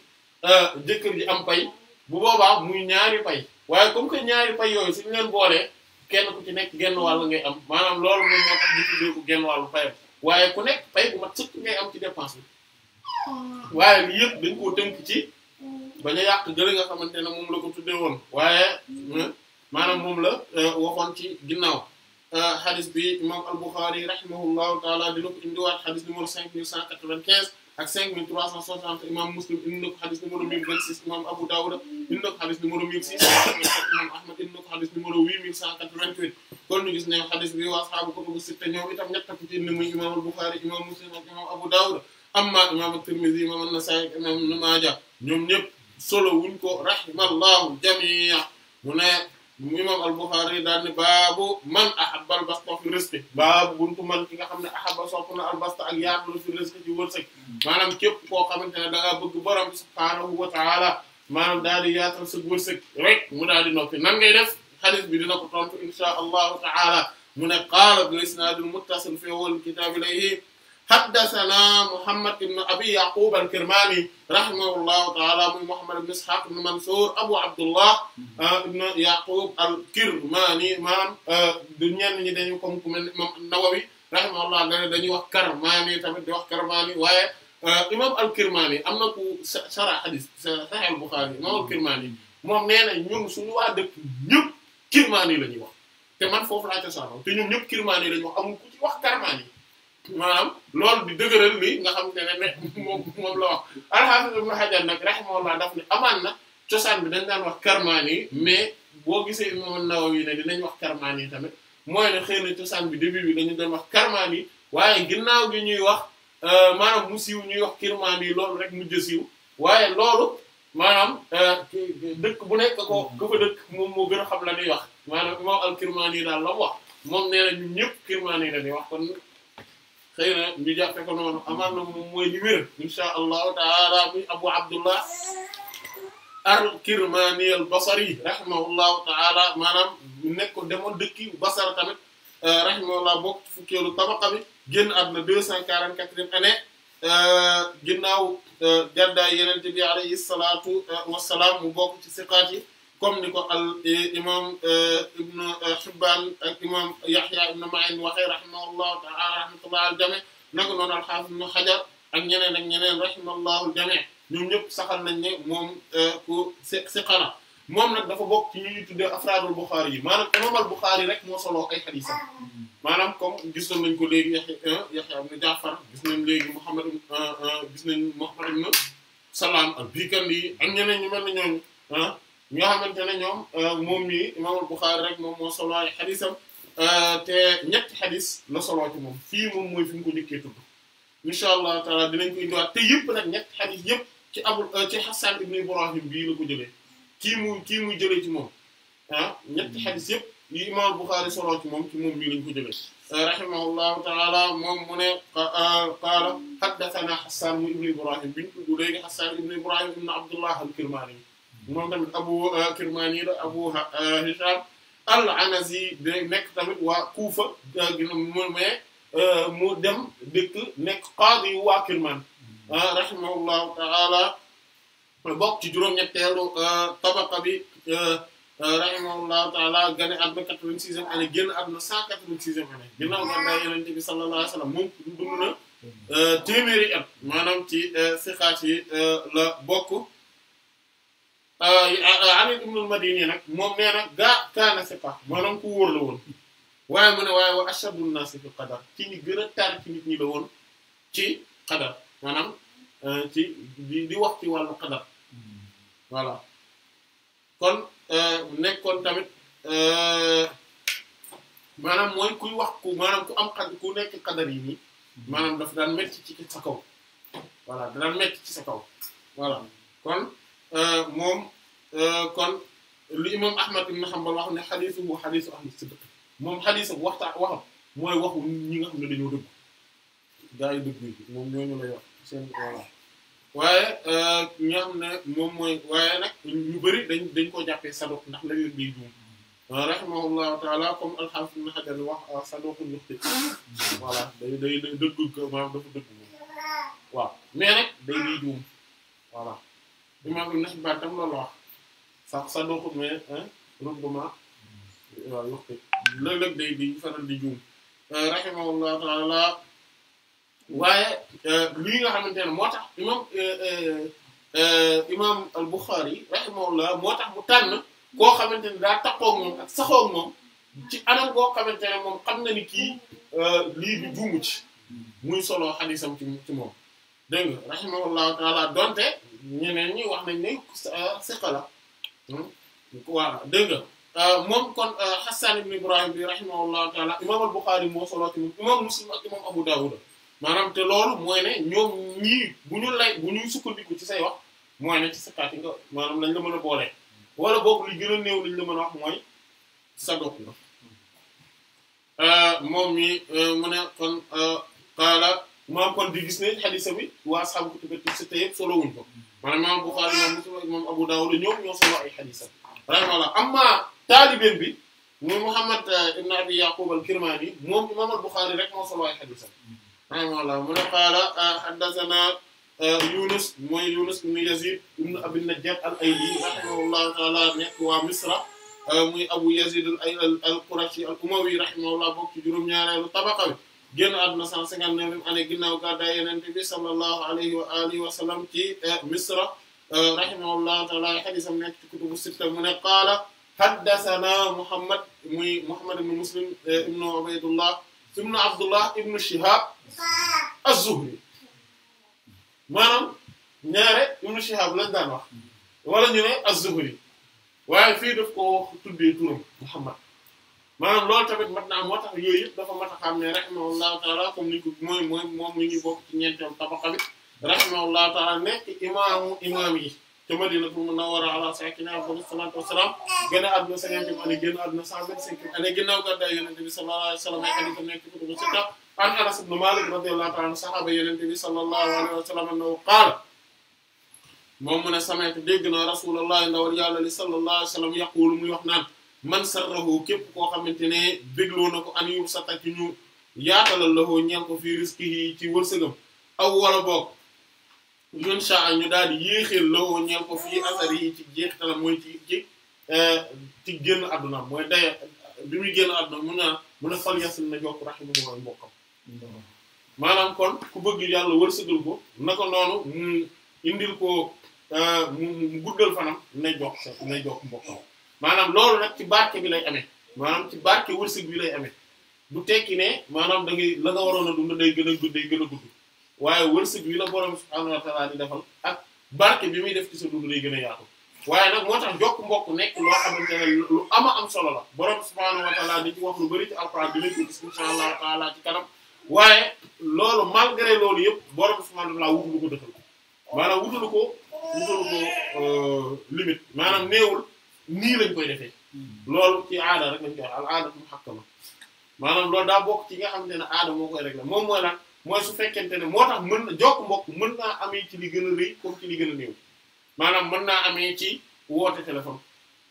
euh ah, jëkkër di am pay bu boba muy ñaari pay waye comme que ñaari pay yoy suñu leen boolee kenn ku ci nek genn wal ngay am manam loolu mo moo tax ñu tuddee ko genn wal pay waye ku nek pay bu ma sëkk ngay am ci dépense waye li yëpp dañ ko teunk ci baña yaq yàq nga xamantene mom la ko tudde won waye ah, manam mom la ah, waxon ci ginnaw hadith bi imam al-Bukhari rahimahullahu taala dina indi wat hadith numero 5195 ak 5360 imam Muslim indi na ko xadis numéro 1026 imam Abu Dawud indi na ko xadis numéro 1607 imam Ahmad indi na ko xadis numéro 8188 kon ñu gis ne xadis bi waa ashaabu kutubu sitta ñoom itam ñett ko ci indi muy imam al-Bukhari imam Muslim ak imam Abu Dawud amma imam at-Tirmidhi imam an-Nasa'i imam Ibn Maaja ñoom ñëpp solo wuñ ko rahimallahu jami'a mu ne imam al-Bukhari daal ne baabu man ahabba al-basta fi rizqi baabu buntu man ki nga xam ne ahabba sopp na al-basta ak yaatu fi rizqi ci wërsëg maanaam képp koo xamante ne da ngaa bëgg borom subhaanahu wa ta'ala maanaam daal di yaatal sa wërsëg rek mu daal di noppi nan ngay def hadith bi dina ko tontu insha allahu ta'ala mu ne qaala bil isnaadil muttasil fi awwalil kitaabi ilayhi haddasanaa Muhammad ibn Abi Ya'quub al-Kirmaani rahimahullahu ta'aala muy Muhammad ibn Ishaaq ibn Mansuur Abu Abdullah ah, ibn Ya'quub al-Kirmaani maanaam ah, du ñenn ñi dañu comme ku mel ne Imaam Nawawi rahimahullah dañuy wax Kirmaani tamit di wax Kirmaani waaye. Euh, imam al yi am na ku sara hadis Sahih al-Bukhari imam al-Kirmani moom nee na ñun suñu waa dëkk ñëpp Kirmani la ñuy wax te man foofu laa cosaanoo te ñun ñëpp Kirmani la ñuy wax amul ku ci wax Karmani maanaam loolu di dëgëral li nga xam te ne ne moom moom la wax al-Hafiz Ibn Hajar nag rahimahullah daf ni amaan na cosaan bi dañ daan wax Karmani mais boo gisee imam an-Nawawi ne dinañ wax yi tamit mooy ne xëy na cosaan bi début bi dañu doon wax Karmani waaye ginnaaw gi ñuy wax Euh, maanaam mu siiw ñuy wax Kirmaani loolu rek mujj siiw waaye loolu maanaam euh, dëkk bu nekk ko mm-hmm. ka dëkk moom moo gën a xam la ñuy wax maanaam imam al-Kirmaani daal la wax moom nee na ñun Kirmaani la ñuy wax kon xëy na ñu jàppe ko noonu amaan na moom mooy li wér insha allahu taala muy Abu Abdullah al-Kirmaani al-Basri rahimahullahu taala maanaam nekk demoon dëkki Basra tamit Euh, rahimahullah bokk ci fukkeelu tabaqa bi génn àdduna deux cent quarante quatrième année euh, ginnaaw euh, gaddaay yenente bi alayhi salaatu wassalaam mu bokk ci siqaat yi comme ni ko al eh, imam ibnu Hibbaan ak imam Yahya ibnu Ma'in waxee rahimahullahu ta'ala rahmatullah al jami naka noonu al hafiz ibnu Hajar ak ñeneen ak ñeneen rahimahullahu al jami ñoom ñëpp saxal nañ ne moom ku siqana moom nag dafa bokk ci ñu ñuy tuddee afraadul Buxaari yi maanaam imam al Buxaari rek moo solo ay xadiisam maanaam comme gis nañ ko léegi Yaxya euh, Yaxya ibn Jaafar gis nañ léegi Muhammad euh, euh, gis nañ Muhammad ibn Salaam ak Bikandi ak ñeneen ñu mel ne ñoo ah, xamante ne ñoom moom mii imam al Buxaari rek moom moo solo ay xadiisam te ñett xadis la solo ci moom fii moom mooy fi mu ko njëkkee tudd incha allah taala dinañ ko indiwaat te yëpp nag ñetti xadis yëpp ci abul ci Hasan ibn Ibrahim bii la ko jëlee. kii mu kii muy jëlee ci moom ah ñetti xadis yëpp yi imaam Buxaari soloo ci moom ci moom mii lañ ko jëlee rahimahullahu taala moom mu ne qaala haddathana Hassaan ibn Ibrahim biñ tudd léegi Hassaan ibn Ibrahim ibn Abdullah al-Kirmaani moom tamit Abu Kirmaani la Abu Hishaam al-Anazi de nekk tamit waa Kuufa mais mu dem dëkk nekk qaadi waa Kirmaan rahimahullahu taala bok ci juroom ñettelu euh tabaka bi euh eh, eh, rahimahullahu taala gane àdduna 86e ane genn àdduna 186e ane ginnaw ginnaaw gàddaay yaronte bi sallallahu alayhi wasallam sallam moom dund na eh, téeméeri at maanaam ci siqaat yi la euh Ali ibn al-Madini nak mom neena ga kana kaana siqa manam ku wóor la woon waaye mu ne waaye wa an-nas fi qadar ci ni gën tar ci nit ñi la won ci qadar manam ci di wax ci walu qadar voilà kon euh, nekkoon tamit euh, maanaam mooy kuy wax ku maanaam ku am xad ku nekk xadar yi nii maanaam dafa daan metti ci sa kaw voilà da daan metti ci sa kaw voilà kon euh, moom kon lu imam Ahmad ibn Hanbal wax ne xadiisu bu xadiisu ahli moom xadiisa waxta waxam mooy waxu ñi nga xam ne dañoo dëgg gaa yi dëgg yi moom ñooñu lay wax seen voilà waaye euh, ñi nga xam ne moom mooy waaye nag ñu bëri dañ dañ ko jàppee saduq ndax la yoon biy juum rahimahullahu taala comme al-Hafiz Ibn Hajar euh, day day waaw mais nag day biy juum voilà imaam Ibn Hibbaan tam loolu wax sax saduqun mais rubbama waaw yuxti léeg-léeg day di faral di juum euh, rahimahullahu taala waaye euh, lii nga xamante ne moo tax imam euh, euh, imam al-Bukhari rahimahullah moo tax mu tànn koo xamante ne daa taqoog moom ak saxoog moom ci anam koo xamante ne moom xam na ni kii lii bi juumu ci muy solo xadisam ci ci moom dégg nga rahimahullahu donte ñeneen ñi wax nañ ne siqa la hmm? waaw dégg moom kon Hassan ibn Ibrahim bi rahimahullahu taala imam al-Bukhari moo solo ci moom Muslim ak imam Abu Dawud manam te lolu moy ne ñom ñi bu ñu lay bu ñuy sukkandiku ci say wax moy ne ci sa parti nga manam lañ la mëna bolé wala bokku li gëna néew lañ la mëna wax moy sa dox euh mom mi mu ne kon euh qaala mo kon di gis ne hadith bi wa sahabu kutubi ci yëpp solo wuñ ko maanaam imaam Buxaari imaam Muslim imaam Abu Daawud ñoom ñoo solo ay xadisa rahimahullah amma taalibeen bi Muhammad ibn Abi Yaqub al-Kirmani mom imam al bukhari rek mo solo ay hadith rahimahullah mu ne qaala ah, haddasanaa ah, Yunus mooy Yunus ibn Yazid ibn Abi Najjar al-Ayli rahimahullahu taala nekk waa Misra ah, muy Abu Yazid al-Qurashi al-Umawi rahimahullah bokk ci juróom-ñaareelu tabaqa bi génn àdduna 159 ane ginnaaw gàddaay Yonent bi sallallahu alayhi wa alihi wa sallam ci eh, Misra rahimahullahu taala hadiisam nekk ci kutubu sitta mu ne qaala haddasanaa Muhammad muy Muhammad ibn Muslim eh, ibn Ubaydullah ابن عبد الله ابن شهاب الزهري مانام نيار ابن شهاب لا دان واخ ولا ني الزهري واي في داف كو واخ تودي تورم محمد مانام لول تامت متنا موتاخ يوي دا فا متا خامني رحم الله تعالى كوم ني كو موي موي موم ني بوك ني نتم طبقه رحم الله تعالى نيك امام امامي ca Madinatu Munawwara ala saakinihaa afdalu salaatu wa salaam gën a àdduna cinquantième année génn àdduna cent vingt-cinquième année ginnaaw gàddaay Yonent bi sallallahu alayhi wa sallam ay hadiis nekk ci kutubu sitta an Anas ibn Maalik radiyallahu ta'ala anhu sahaaba Yonent bi sallallahu alayhi wa sallam annahu qaala moom mu ne sami'tu dégg naa Rasulullah ndawal Yàlla li sallallahu alayhi wa sallam yaqulu muy wax naan man sarrahu képp koo xamante ne dégloo na ko an yubsata ci ñu yaatalal lahu ñeel ko fii rizqihi ci wërsëgam aw wala boog incha allah ñu daal di yéexeel loo ñeel ko fii asar yi ci jeexitala mooy ci ci euh, ci génn àdduna mooy day bi muy génn àdduna mu naa mun a fal yasin na jokk rahimahullah mooy mbokkam maanaam kon ku bëgg yàlla wërsëgal ko na ko noonu mu indil ko euh, mu guddal fanam na jokk na jokk mbokkam maanaam loolu nag ci barke bi lay amee maanaam ci barke wërsëg bi lay amee bu tekki ne maanaam da ngay la nga waroon a dund day gën a gudd day gën a gudd. waaye wërsëg wi la borom subhaanahu wa ta'aala defal ak barke bi muy def ci sa dund day gën a yaatu waaye nag moo tax jokk mbokk nekk loo ama am solo la borom subhaanahu wa ta'aala ci wax lu bari ci alxuraan bi lañ ko gis insha Allah ta'aala ci kanam waaye loolu malgré loolu yëpp borom subhaanahu wa ta'aala wutalu ko dëkkal maanaam wutalu ko wutalu ko euh, limite maanaam néewul nii lañ koy defee loolu ci aada rek lañ koy wax al aadatu muhakkama maanaam loolu daa bokk ci nga mooy su fekkente ne moo tax mën na jokk mën naa amee ci li gën a rëy comme ci li gën a maanaam mën naa amee ci woote téléphone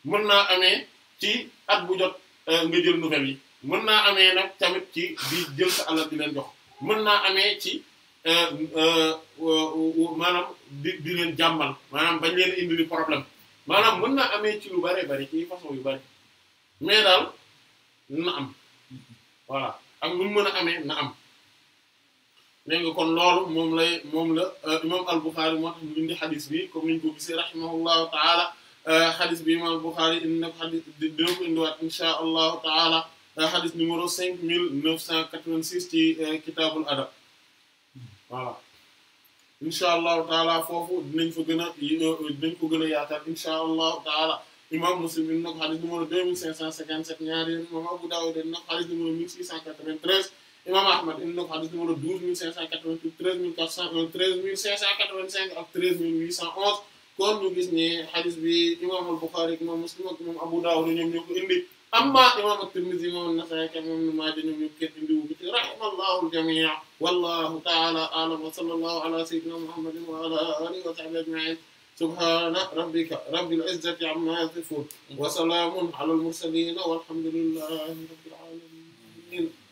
mën naa amee ci at bu jot euh, nga jël nouvelle yi mën naa amee nag tamit ci di jël sa alal di mën naa amee ci euh, euh, maanaam di di leen jàmmal maanaam bañ leen indi li problème maanaam mën na amee ci lu bari bari ci façon yu bari mais daal na am voilà ak lu mën a amee na am dégg kon lolu mom lay mom la imam al-Bukhari mo tax mu indi xadis bi comme niñ ko gisee rahimahullahu taala hadith bi imam bukhari in na ko xadis dina ko indiwaat inchaa taala hadith numéro 5986 ci kitab al adab voilà insha allah taala fofu dinañ fa gëna dinañ ko gëna yaatal insha allah taala imam Muslim indi hadith numéro 2557 ñaar cinq mo cinquante daawu den imam hadith numéro 1693 imam ahmad indi na ko xadis numéro douze mille cinq cent quatre-vingt-huit treize mille quatre cent un treize mille cinq cent quatre-vingt-cinq ak treize mille huit cent onze kon ñu gis ne xadis bi imam al-Bukhari ak imam Muslim ak imam Abu Dawud ñoom ñoo ko indi amma imam at-Tirmidhi imam an-Nasa'i ak imam Ibn Maaja ñoom ñoo ko indi wu ci rahimallahu al-jami' wallahu ta'ala a'lam wa sallallahu ala sayyidina muhammadin wa ala alihi wa sahbihi ajma'in subhana rabbika rabbil izzati amma yasifun wa salamun ala al-mursalin walhamdulillahi rabbil alamin